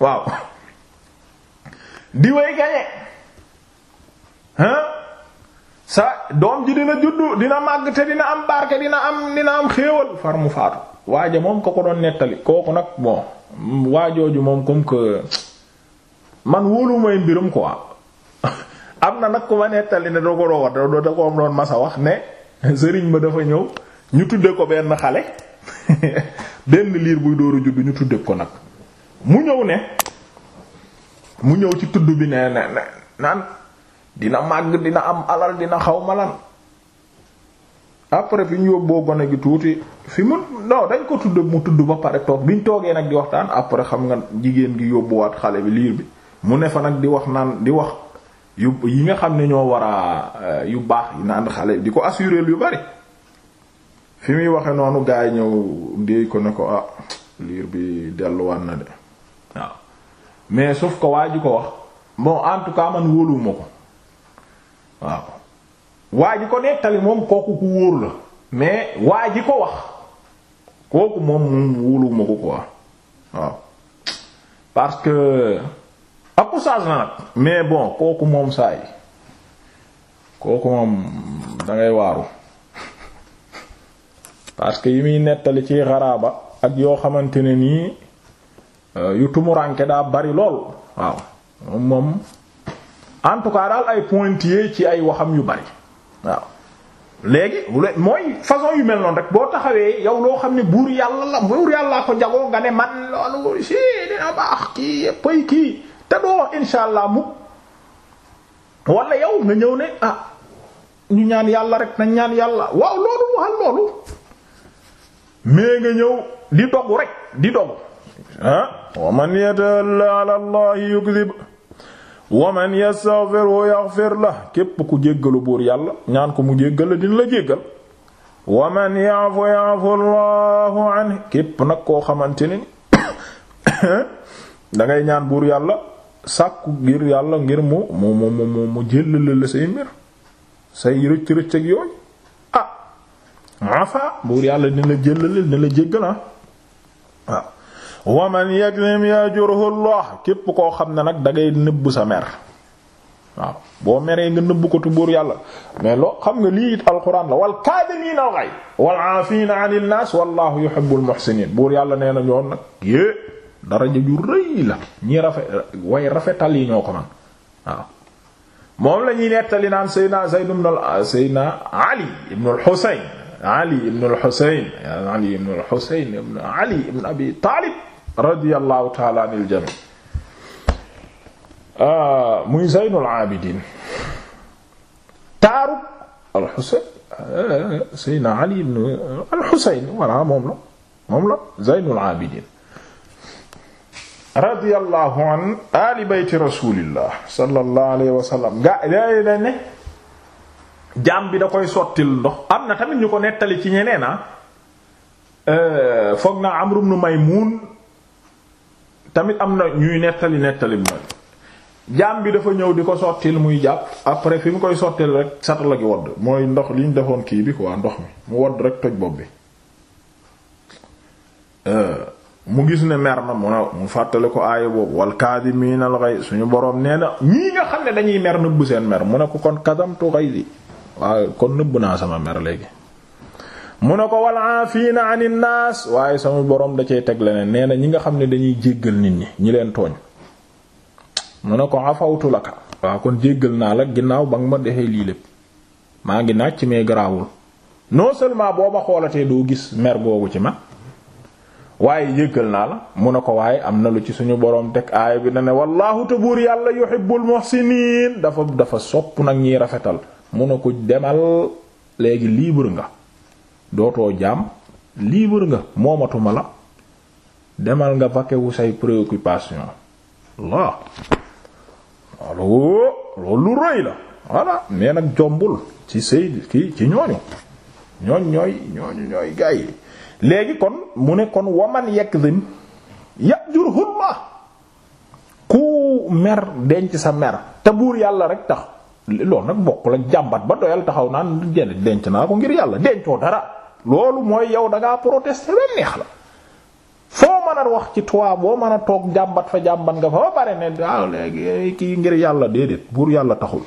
waaw di way sa doom ji dina juddu dina màgg te dina am barke dina am dina am xéewal far mu faatu waaja moom ko ko doon nettali kooku nag bon waajooju moom comme que man wóolu may mbirum quoi am na nag ku ma nettali ne doo ko doo wax da ko doon masa wax ne sëriñ ba dafa ñëw ñu tudde ko benn xale benn liir buy dóoru juddu ñu tudde ko nag mu ñëw ne mu ñëw ci tudd bi ne ne naan dina màgg dina am alal dina xaw ma malan après fi ñu yóbboo gone gi tuuti fi mu non dañ ko tudd mu tudd ba pare toog biñ toogee nag di waxtaan après xam nga jigéen gi yóbbuwaat xale bi liir bi mu ne fa nag di wax naan di wax yu yi nga xam ne ñoo war a euh, yu baax yi naan xale di ko assuré yu bari fi muy waxe noonu gaa yi ñëw ndéey ko ne ko ah liir bi delluwaat na de waaw mais suuf ko waa ji ko wax moom en tout cas man wóoluwuma ko waaw waa ji ko nettali moom kooku ku wóor la mais waa ji ko wax kooku moom moom wóoluwuma ko quoi waaw parce que ab oustaz la nag mais bon kooku moom saa kooku moom dangay waaru parce que yi muy nettali ci xaraaba ak yoo xamante ne nii euh, yu tumuranke daa bari lool waaw moom moom en tout cas daal ay pointillés ci ay waxam yu bari waaw léegi mooy façon yu mel noonu rek boo taxawee yow loo xam ne buur yàlla la buur yàllaa ko jagoo nga ne man loolu si dina baax kii pëy kii te doo insha allah mukk wala yow nga ñëw ne ah ñu ñaan yàlla rek nañ ñaan yàlla waaw loolu waxal loolu mais nga ñëw di dogu rek di dogu ah wa man yata'alla ala allah yukdhib wa man yastaghfiru yaghfir la képp ku jéggalu buur yàlla ñaan ko mu jéggal la dina la jéggal wa man ya'fu ya'fu nag koo xamante ne dangay ñaan buur yàlla sàkku ngir yàlla ngir mu ah, afa buur yàlla dina la jëllal dina la jéggal ah wa man yakzim yajurhu Allah képp koo xam ne nag da ngay nëbb sa mer waaw boo meree nga nëbb ko tu buur yàlla mais loo xam nga lii it alquran la wal kaadimiina al ghayz wal aafiina anil naas wallahu yuhibbul muhsiniin buur yàlla nee na ñoom nag yée daraja ju rëy la ñi rafet way rafetal yi ñoo ko man waaw moom la ñuy nettali naan Seydina Zayd ibn al Seydina Ali ibn al Husayn Ali ibn al Husayn Ali ibn al Husayn ibn Ali ibn Abi Talib radiyallahu taala anil jami ah, muy al-Husayn Seydina bi da sottil ndox am na tamit ñu nettali ci ñeneen ah. eh, foog naa Amr ibn Maymun tamit am na ñuy nettali nettali mooy jaam bi dafa ñëw di ko sottil muy jàpp après fi mu koy sottil rek sata la gi mooy ndox li ñu defoon kii bi quoi ndox mi mu wadd rek toj bopp bi euh, mu gis ne mer na mu ne mu fàttali ko aaya boobu wal kaadimiina al ghayz suñu boroom nee na ñii nga xam ne dañuy mer nëbb seen mer mu ne ko kon kadamtu ghayzi waaw kon nëbb naa sama mer léegi mu ne ko wal aafiina anin naas waaye sama borom da cee teg leneen nee na ñi nga xam ne dañuy jéggal nit ñi ñi leen tooñ mu ne ko afawtu laka waaw kon jéggal naa la ginnaaw ba nga ma defee lii lépp maa ngi naaj ci may garaawul noo seulement boo ma xoolatee doo gis mer googu ci mag waaye jéggal naa la mu ne ko waaye am na lu ci suñu borom teg aaya bi na ne wallaahu te buur yàlla yuhibbul muhsiniin dafa dafa sopp nag ñiy rafetal mu ne ko demal léegi libre nga dootoo jaam libre nga moomatuma la demal nga vaquer wu say préoccupation la loolu loolu rëy la voilà mais nag jombul ci sëy ki ci ñooñu ñooñ ñooy ñooñu gay yi léegi kon mu ne kon waman yakzim yajurhullah ku mer denc sa mer te buur yàlla rek tax loolu nag bokk la jàmbat ba doyal taxaw naan denc naa ko ngir yàlla dencoo dara loolu mooy yow dangaa ngaa protester ba neex la foo mën a wax ci toit boo mën a toog jàmbat fa jàmbat nga fa ba pare ne waaw ah, léegi eh, kii ngir yàlla déedéet buur yàlla taxul.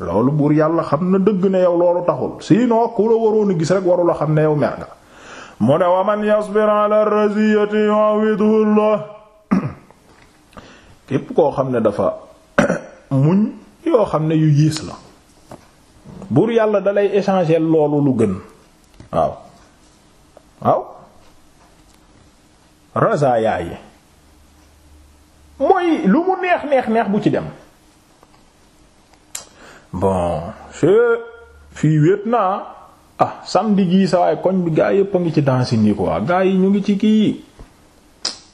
loolu buur yàlla xam na dëgg ne yow loolu taxul sinon ku la waroon gis rek warula xam ne yow mer nga mu ne wa man yasbir ala raziyati yu'awidhu Allah képp koo xam ne dafa muñ yoo xam ne yu yiis la buur yàlla dalay échanger loolu lu gën waaw waaw razaya yi mooy lu mu neex neex neex bu ci dem bon je fii wéet naa ah samedi gii sa waaye koñ bi gaa yëpp a ngi ci dansi nii quoi gaa yi ñu ngi ci kii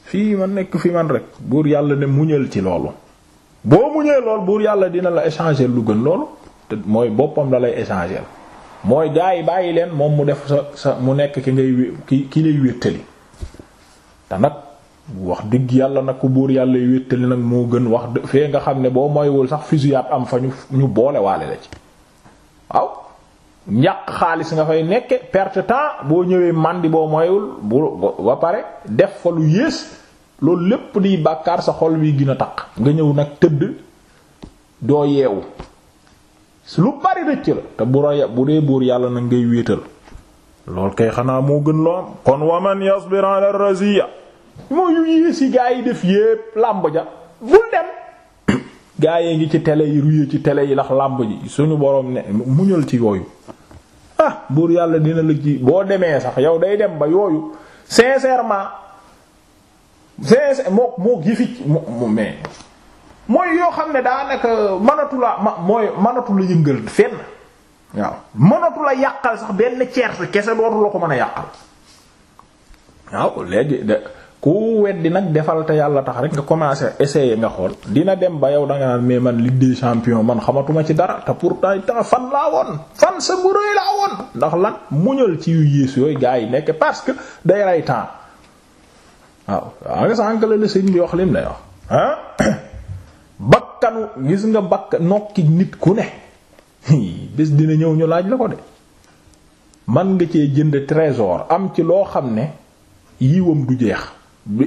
fii ma nekk fi man rek buur yàlla ne muñal ci loolu boo muñee lool buur yàlla dina la échanger lu gën loolu te mooy boppam la lay échanger mooy gaa yi bàyyi leen moom mu def sa sa mu nekk ki ngay ki ki lay wéttali te nag wax dëgg yàlla nag ku buur yàlla y wéttali nag moo gën wax fee nga xam ne boo moywul sax fusillade am fa ñu ñu boole waale la ci waaw ñàq xaalis nga fay nekke perte temps boo ñëwee màndi boo moywul bu ba pare def fa lu yées loolu lépp di bàkkaar sa xol wi gën a taq nga ñëw nag tëdd doo yeewu lu bari rëcc la te bu ra bu dee buur yàlla nag ngay wéetal lool kay xanaa moo gën loo am kon waman yasbir ala raziya moo yu yées yi gaa yi def yépp làmb ja bul dem gaa yee ngi ci télé yi ruye ci tele yi lax làmb ji suñu boroom ne muñal ci yooyu ah buur yàlla dina la ji boo demee sax yow day dem ba yooyu sincèrement sincère mook mook yi fi mais mooy yoo xam ne daa mënatu la ma mooy mënatu la yëngal fenn waaw mënatu la yàqal sax benn tiers kese dootu la ko mën a yàqal waaw léegi de ku weddi nag defal te yàlla tax rek nga commencé essayer nga xool dina dem ba yow da mais man Ligue des champions man xamatuma ci dara te pourtant temps fan laa woon fan sa bu rëy laa woon ndax lan muñal ci yu yées yooyu gars yi nekk parce que day rey temps waaw waaw nga sànq la sëñ bi wax lim lay wax ah. bakkanu gis nga bakk nokki nit ku ne bis dina ñëw ñu laaj la ko de man nga cee jënd trésor am ci loo xam ne yiwam du jeex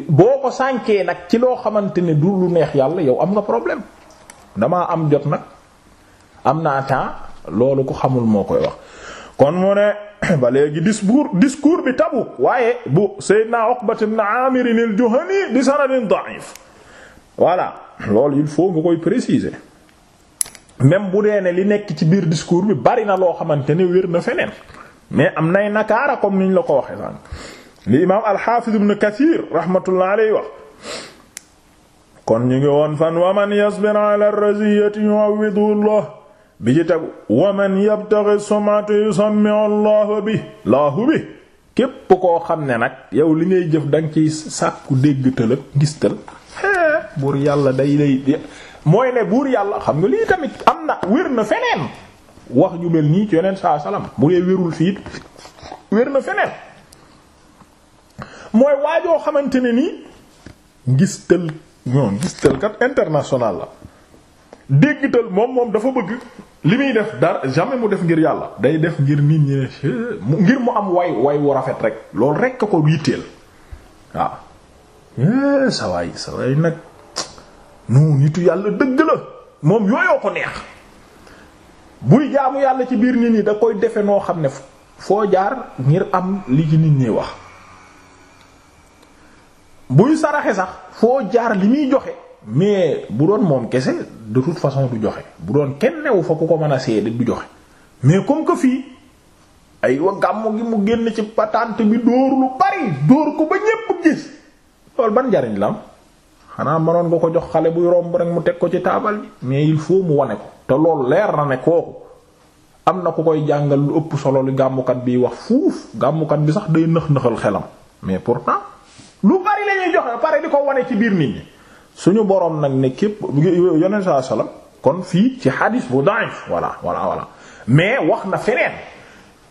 boo ko sànkee nag ci loo xamante ne du lu neex yàlla yow am nga problème damaa am jot nag am naa temps loolu ko xamul moo koy wax kon mu ne ba léegi discours discours bi tabu waaye bu Seydina Uqbat ibn Amir al-Juhani bi sanadin da'if voilà loolu il faut nga koy préciser même bu dee ne li nekk ci biir discours bi bari na loo xamante ne wér na feneen mais am nay nakaara comme niñ la ko waxee sànq li imaam al-Hafiz Kathir rahmatullah alayhi kon ñu ngi woon fan wa man yasbir ala ar-raziyati yu'awwidhu Allah bi ci tegu wa man yabtaghi sum'ata yusammi'u Allah bi laahu bi képp koo xam ne nag yow li ngay jëf danga ciy sàkku dégg tëlëg gis tël buur yàlla day lay mooy ne buur yàlla xam nga lii tamit am na wér na feneen wax ju mel nii ci yeneen saa salaam bu dee wérul fii wér na feneen mooy waajoo xamante ne nii ngis tël non ngis tëlkat international la dégg tël moom moom dafa bëgg li muy def dara jamais mu def ngir yàlla day def ngir nit ñi ne ngir mu am way way wu rafet rek loolu rek a ko yitteel waaw eh, sawaay sawaay nag non nitu yàlla dëgg la moom yooyoo ko neex buy jaamu yàlla ci biir nit ñi da koy defe noo xam ne foo jaar ngir am li ci nit ñi wax buy saraxe sax foo jaar li muy joxe mais bu doon moom kese de toute façon du joxe bu doon kenn newu fa ku ko mën a seede du joxe mais comme que fii ay wa gàmmu gi mu génn ci patante bi dóor lu bari dóor ko ba ñépp gis loolu ban njariñ la xanaa mënoon nga ko jox xale buy romb rek mu teg ko ci taabal bi mais il faut mu wane ko te loolu leer na ne kooku am na ku koy jàngal lu ëpp solo lu gàmmukat bi wax fuuf gàmmukat bi sax day nëx nëxal xelam mais pour pourtant lu bari la ñuy joxe pare di ko wane ci biir nit ñi suñu borom nag ne képp yonent sa salaam kon fii ci hadis bu da'if voilà voilà voilà mais wax na feneen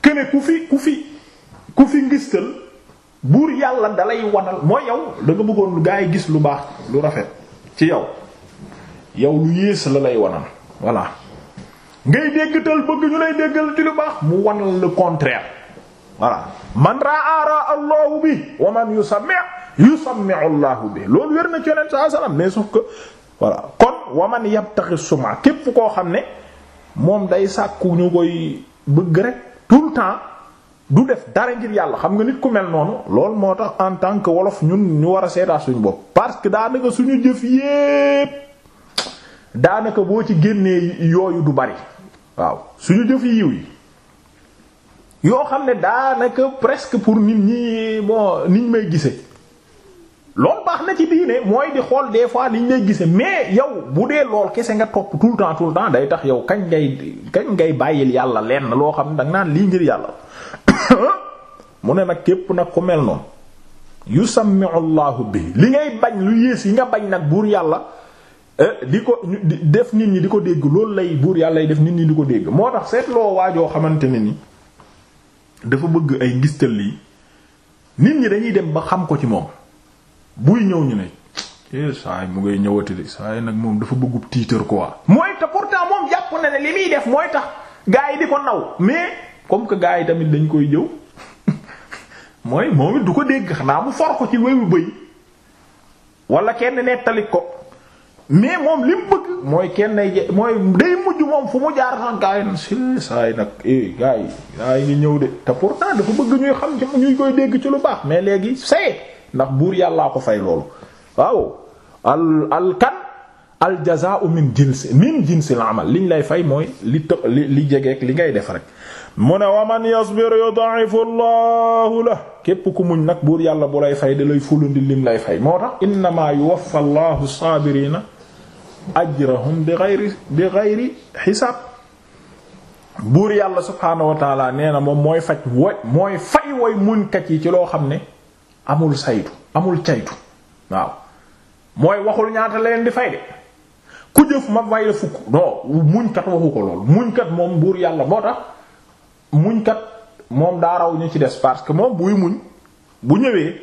kene ku fi ku fi ku fi ngistal buur yàlla dalay wanal mooy yow da nga bëggoon gaa yi gis lu baax lu rafet ci yow yow lu yées la lay wanal voilà ngay déggtal bëgg ñu lay déggal ci lu baax mu wanal le contraire voilà man raa ara allahu bi wa man yusammi yusammi allahu bi loolu wér na ci sa saa salaam mais sauf que voilà kon wa man yabtaxi suma képp koo xam ne moom day sàkku ñu koy bëgg rek tout le temps du def dara ngir yàlla xam nga nit ku mel noonu lool moo tax en tant que wolof ñun ñu war a seetaat suñu bopp parce que daanaka suñu jëf yépp daanaka boo ci génnee yooyu du bari waaw suñu jëf yiw yi yoo xam ne daanaka presque pour nit ñi bon niñ may gise loolu baax na ci diine mooy di xool des fois niñ lay gise mais yow bu dee lool kese nga topp tout le temps tour le temps day tax yow kañ ngay kañ ngay bàyyil yàlla lenn loo xam ne danga naan lii ngir yàlla mu ne nag képp nag ku mel noonu yusammi'u Allahu bi li ngay bañ lu yées yi nga bañ nag buur yàlla eh, di ko def nit ñi di ko dégg loolu lay buur yàlla def nit ñi di ko dégg moo tax seetloo waajoo xamante ne ni dafa bëgg ay ngistal lii nit ñi dañuy dem ba xam ko ci moom buy ñëw ñu ne eh, saay mu ngay ñëwati de saay nag moom dafa bëggub tiitar quoi. mooy te pourtant moom jàpp na li muy def mooy tax gaa yi di ko naw mais. comme que gars yi tamit lañ koy jëw mooy moom it du ko dégg xanaa mu for ko ci wéyu bëy wala kenn nettali ko mais moom li mu bëgg mooy kenn mooy day mujj moom fu mu jaar sax gars yi nag yi eh, yi gars ngi ñëw de te pourtant dafa bëgg ñuy xam ci ñuy koy dégg ci lu baax mais léegi saye ndax buur yàllaa ko fay loolu waaw al al kan al jazaa'u min jinsi min jinsil amal liñ lay fay mooy li të li li jegeek li ngay def rek mu ne wa man yasbir yud'ifu Allahu la képp ku muñ nag buur yàlla bu lay fay da lay fulandi lim lay fay moo tax innamaa yuwaffa Allahu saabiriina ajrahum bi buur yàlla subhaanahu wa nee na moom mooy faj yi ci loo xam ne amul saytu amul caytu mooy waxul ñaata leen di fay de ku jëf ma fay la fukk non muñkat waxu ko lool muñkat moom buur yàlla moo tax muñ muñkat moom daa raw ñu ci des parce que moom buy muñ bu ñëwee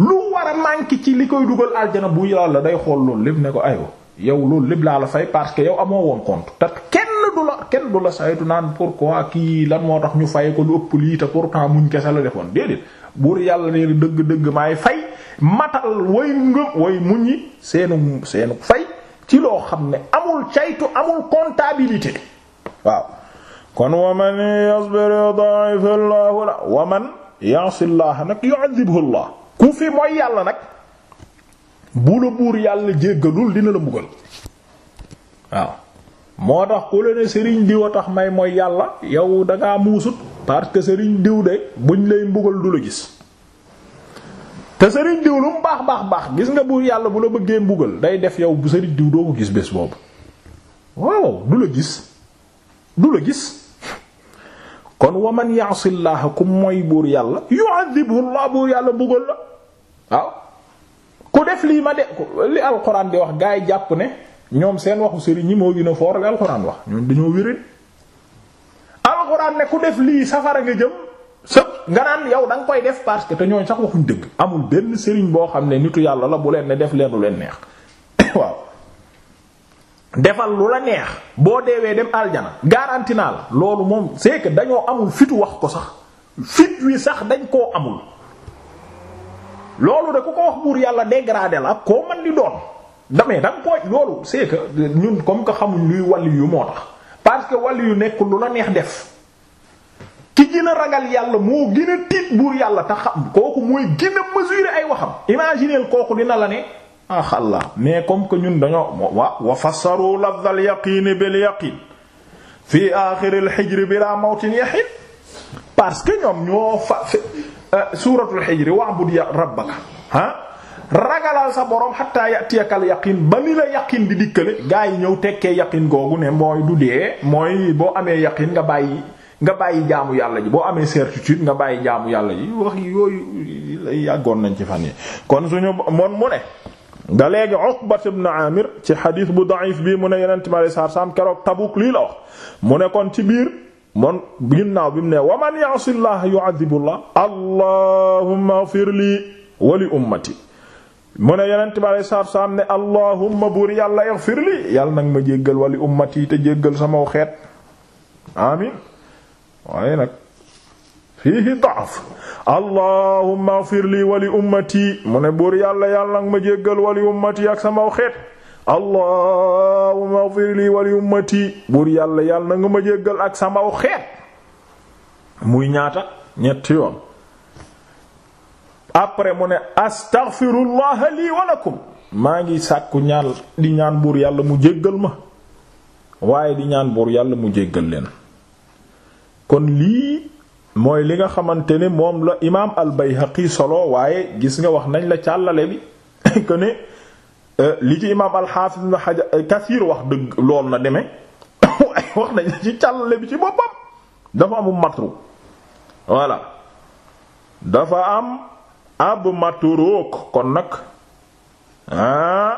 lu war a ci li koy dugal aljana bu yàlla la day xool loolu lépp ne ko aywa yow loolu lépp laa la fay parce que yow amoo woon compte te kenn du la kenn du la saytu naan pour pourquoi kii lan moo tax ñu fay ko lu ëpp lii te pourtant muñ kese la defoon déedéet buur yàlla nee dëgg-dëgg maay fay matal way ngëm way muñ yi seenu seenu fay ci loo xam ne amul caytu amul comptabilité waaw kon waman yasbir yudaa'ifu llaahu la waman ya'si nag yu'adhibhu llaah ku fi mooy yàlla nag bu la buur yàlla jéggalul dina la mbugal waaw moo tax ku la ne sëriñ diw a tax may mooy yàlla yow dangaa muusut parce que sëriñ diw de buñ lay mbugal du la gis te sëriñ diw lu mu baax baax baax gis nga buur yàlla bu la bëggee mbugal day def yow bu sëriñ diw doo ko gis bés boobu waaw du la gis du la gis kon waman ya'si llaha ku mooy buur yàlla yu'adhibhu llah buur yàlla bëggal la waaw ku def lii ma de li alquran di wax gaa yi jàpp ne ñoom seen waxu sëriñ ñi moo gën a foor li alquran wax ñoom dañoo wérin alquran ne ku def lii safara nga jëm sëp nga naan yow da koy def parce que te ñooñ sax waxuñ dëgg amul benn sëriñ boo xam ne nitu yàlla la bu leen def leen lu leen neex waaw defal lu la neex boo deewee dem aljana garanti naa la loolu moom c'est dañoo amul fitu wax ko sax fit wi sax dañ koo amul loolu de ku ko wax buur yàlla dégradé la koo man di doon damee danga koy loolu c'est ñun comme que xamuñ luy wàlli yu moo tax parce que wàlli yu nekk lu la neex def ki gën a ragal yàlla moo gën a tiit buur yàlla tax xam kooku mooy gën a ay waxam imagineel kooku dina la ne axalla ah, mais comme que ñun dañoo wa wa fassaru lafdal yaqini bil yaqin fii aaxiril xijri bilaa mawtin yaxin parce que ñoom ñoo fa euh, suuratul xijri wa'bud rabbaka ah ragalal sa borom xataa yatiyakal yaqin ba ni la yaqin di dikkale gaa yi ñëw tekkee yaqin googu ne mooy du dee mooy boo amee yaqin nga bàyyi nga bàyyi jaamu yàlla ji boo amee certitude nga bàyyi jaamu yàlla ji wax yooyu yàggoon nañ ci fan yi kon suñu moon mu ne. ba léegi Uqbat ibn Amir ci xadiis bu da'if bii mu ne yonent ma lay saar saam keroog Tabuk lii la wax mu ne kon ci biir moom ginnaaw bi mu ne wa man ya'si Allah yu'adhibullah allahumma ighfir lii wa li ummati mu ne yonent ma lay saar saam ne allahumma buur yàlla ighfir lii yàlla nag ma jéggal wa li ummati te jéggal sama xeet amin waaye nag fiihi daaf allahumma ighfir lii wali ummati mu ne buur yàlla yàlla nga ma jéggal wali ummati ak sama xeet allahumma ighfir lii wali ummati buur yàlla yàlla nga ma jéggal ak sama xeet muy ñaata ñetti yoon après mu ne astaghfirullah lii wa lakum maa ngi sàkku ñaan di ñaan buur yàlla mu jéggal ma waaye di ñaan buur yàlla mu jéggal leen kon lii mooy li nga xamante ne moom la imaam al-Bayhaqi solo waaye gis nga wax nañ la càllale bi que ne euh, li ci imaam al-Hafiz ibn Hajar euh, wax dëgg lool la deme wax nañ la ci càllale bi ci boppam dafa am matru voilà dafa am ab matruuk kon nag ah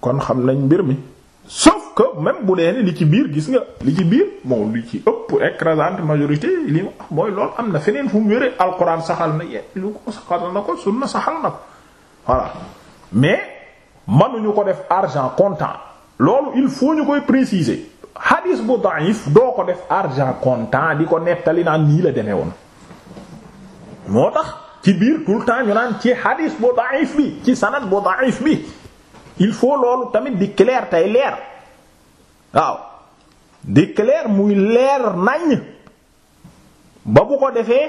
kon xam nañ mbir mi sauf sauf que même bu dee ne li ci biir gis nga li ci biir moom li ci ëpp écrasante majorité li mooy loolu am na feneen fu mu wéree saxal na ye lu ko saxal na ko sunna saxal na ko voilà mais mënuñu ko def argent comptant loolu il faut ñu koy préciser hadis bu da'if doo ko def argent comptant di ko nettali naan nii la demee woon moo tax ci biir tout temps ñu naan ci hadis bu da'if bi ci sanad bu da'if bi il faut loolu tamit di clair tey leer waaw di clair muy leer nañ ba bu ko defee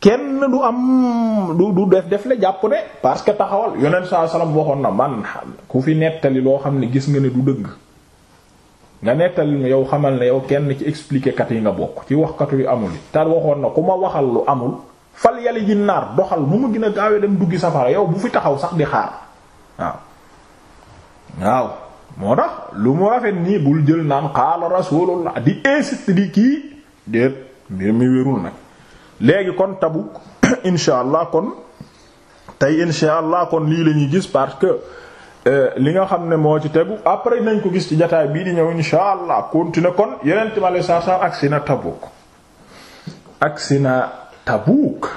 kenn du am du du def def la jàpp de parce que taxawal yonent sa salaam waxoon na man ku fi nettali loo xam ne gis nga ne du dëgg nga nettali ma yow xamal ne yow kenn ci expliquer kat yi nga bokk ci waxkatu yu amul yi te waxoon na ku ma waxal lu amul fal yali ji naar doxal mu mu gën a gaawee dem duggi safara yow bu fi taxaw sax di xaar waaw waaw moo tax lu mu rafet nii bul jël naan qaala rasulullah di insister di kii déet mbir mi wérul nag léegi kon Tabuk insha allah kon tey insha allah kon lii la ñuy gis parce que euh, li nga xam ne moo ci tegu après nañ ko gis ci jataay bii di ñëw insha allah continuer kon yeneen ma lay saar saar agsi na Tabuk agsi na Tabuk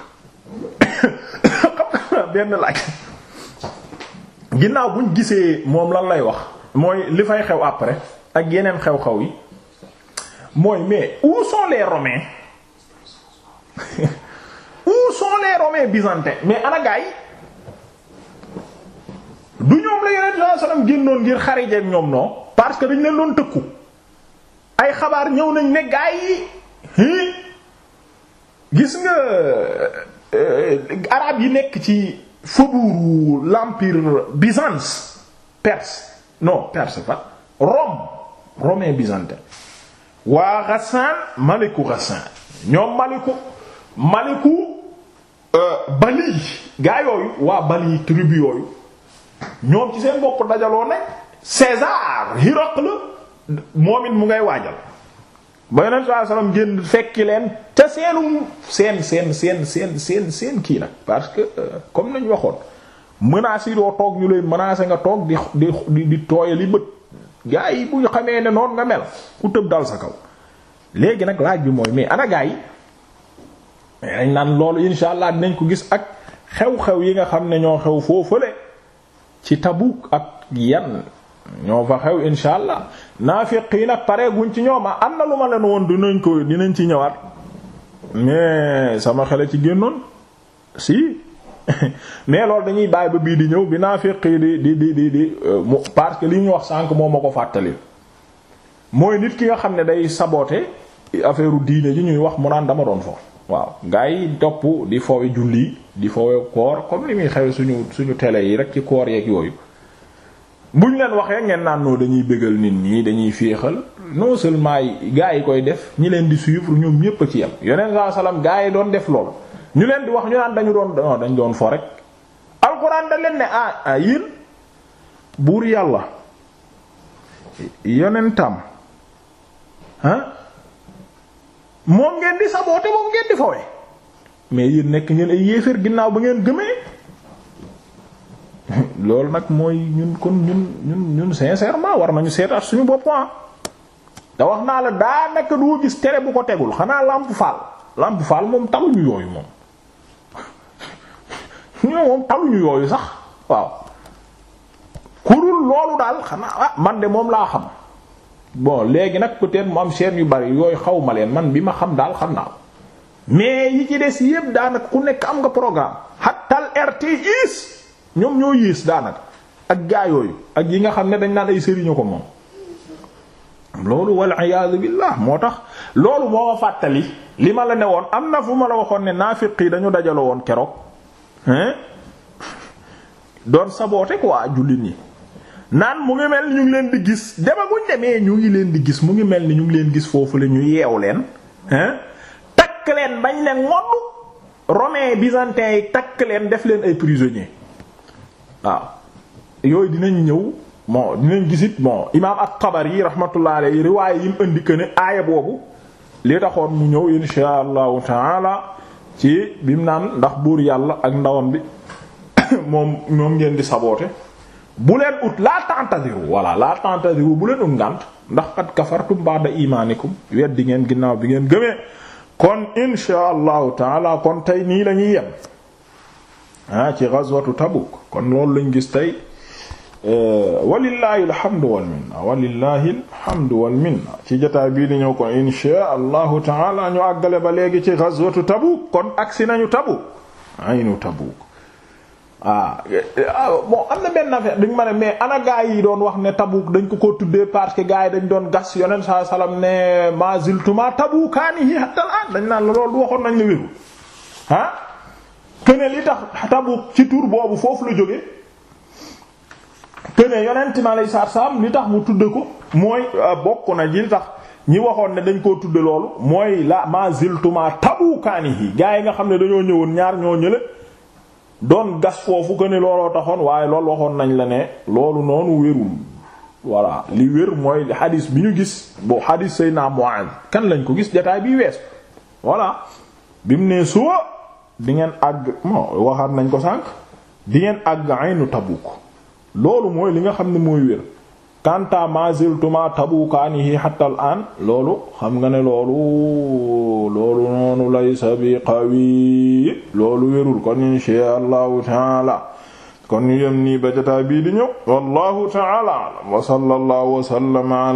benn laaj ginnaaw buñ gisee moom lan lay wax mooy li fay xew après ak yeneen xew-xew yi mooy mais où sont les romains où sont les mais ana gaay du ñoom la yonent sallallahu alayhi wasallam ngir xarije ñoom noo parce que dañ leen doon tëkku ay xabaar ñëw nañ ne gaay yi gis nga euh, arab yi nekk ci faubourg l'empire byzance perse non perse fa Rome romain byzantin waa Ghassan maliku Ghassan ñoom maliku maliku euh, Bali gaa yooyu waa Bali tribu yooyu ñoom ci seen bopp dajaloo ne César Hiraqle moom it mu ngay waajal ba yonent sallallahu alayhi wasallam génn fekki leen ca seenum seen seen seen seen seen seen kii nag parce que euh, comme nañ waxoon menaces yi doo toog ñu lay menacer nga toog di di di tooyali bët gaa yi bu ñu xamee ne noonu nga mel ku tëb dal sa kaw léegi nag laaj bi mooy mais ana gaa yi dañ naan loolu insha allah dinañ ko gis ak xew-xew yi nga xam ne ñoo xew foofale ci tabu ak yan ñoo fa xew insha allah naafiq yi nag pare guñ ci ñoom ah, am na lu ma leen woon dinañ ko dinañ ci ñëwaat mais sama xele ci génnoon si mais loolu dañuy bàyyi ba bii di ñëw bi naa feqi di di di di di euh, parce que li ñu wax sànq moom ma ko fàttali mooy nit ki nga xam ne day saboote affaire diine ji ñuy wax mu naan dama doon fo waaw gaa yi topp di foowe julli di foowe koor comme li muy xewe suñu suñu télé yi rek ci koor yeeg yooyu buñ leen waxee ngeen naan noo dañuy bégal nit ñi dañuy féexal non seulement gaa yi koy def ñi leen di suivre ñoom ñépp a ci yam yeneen saa salaam gaa yi doon def lool. ñu leen di wax ñu naan dañu doon non dañu doon fo rek alxuraan da leen ne ah ah yéen buur yàlla tam ah moom ngeen di saboote moom ngeen di fowe mais yéen nekk ngeen ay yéeféer ginnaaw ba ngeen gëmee loolu nag mooy ñun kon ñun ñun ñun sincèrement war nañu seetaat suñu boppa ah. te wax naa la daa nekk doo gis tere bu ko tegul xanaa làmp faal lamp faal moom taluñu yooyu moom ñoo moom taluñu yooyu sax waaw kurul loolu daal xanaa ah man de moom laa xam bon léegi nag peut-être mu am chaîne yu bari yooyu xaw ma leen man bi ma xam daal xam naa mais yi ci des yépp daanaka ku nekk am nga programme xatal RTIs ñoom ñoo yiis daanak ak gaa yooyu ak yi nga xam ne dañ naan ay sëriñu ko moom loolu wal iyaadu billah moo tax loolu moo ma fàttali li ma la ne woon am na fu ma la waxoon ne naafiq yi dañu dajale woon keroog doon saboote quoi jullit ñi naan mu ngi mel ni ñu ngi leen di gis dema buñ demee ñu ngi leen di gis mu ngi mel ni ñu ngi leen gis foofu la ñu yeew leen takk leen bañ leen ngodd romains byzantins yi takk leen def leen ay prisonniers waaw yooyu dinañ ñëw bon dinañ gisit bon imaam at-Tabari rahmatullah alayhi riwaaya yi mu indi que ne aaya boobu li taxoon mu ñëw insha allahu taala ci bi mu naan ndax buur yàlla ak ndawam bi moom moom ngeen di saboote bu leen ut laa tantasiru walla laa tantasiru bu leen ut ngànt ndax xat kafartum ba'da imaanikum weddi ngeen ginnaaw bi ngeen gëmee kon insha allahu taala kon tey nii lañuy yem ah ci ghazwatu Tabuk kon loolu lañ gis tey Eh, walillahi alhamdu wal minna walillahi alhamdu wal minna ci jotaay bii di ñëw ko insha allahu taala ñu àggale ba léegi ci ghazwatu Tabuk kon agsi nañu Tabuk aynu Tabuk ah, eh, ah bon am na benn affaire ne mais ana gaa yi doon wax ne Tabuk dañ ko ko tuddee parce que gaa yi dañ doon gas yonent saa salaam ne ma ziltuma tabukaani hatta al dañ naan la loolu waxoon nañ la wéru ah kene li tax Tabuk ci tur boobu foofu lu jóge këne yonent mi alayhi salaatu salaam li tax mu tudd ko mooy euh, bokk na ji tax ñi waxoon ne dañ koo tudde loolu mooy la ma ziltuma tabukaanihi gaa yi nga xam ne dañoo ñëwoon ñaar ñoo ñële doon gas foofu këne looloo taxoon waaye lool waxoon nañ la ne loolu noonu wérul voilà li wér mooy xadiis bi ñu gis boo xadiis Seydina Mu'aaz kan lañ ko gis jotaay bi wees voilà bi mu nee suwa di ngeen àgg waxaat nañ ko sànq di ngeen àgg aynu Tabuk loolu mooy li nga xam ne mooy wér kanta maziltuma tabukaanihi hatta al an loolu xam nga ne loolu loolu noonu laysa bi qawi loolu wérul kon insha allahu taala kon ñu ba jotaay di ñëw wallahu taala alam wa sallallahu wa sallama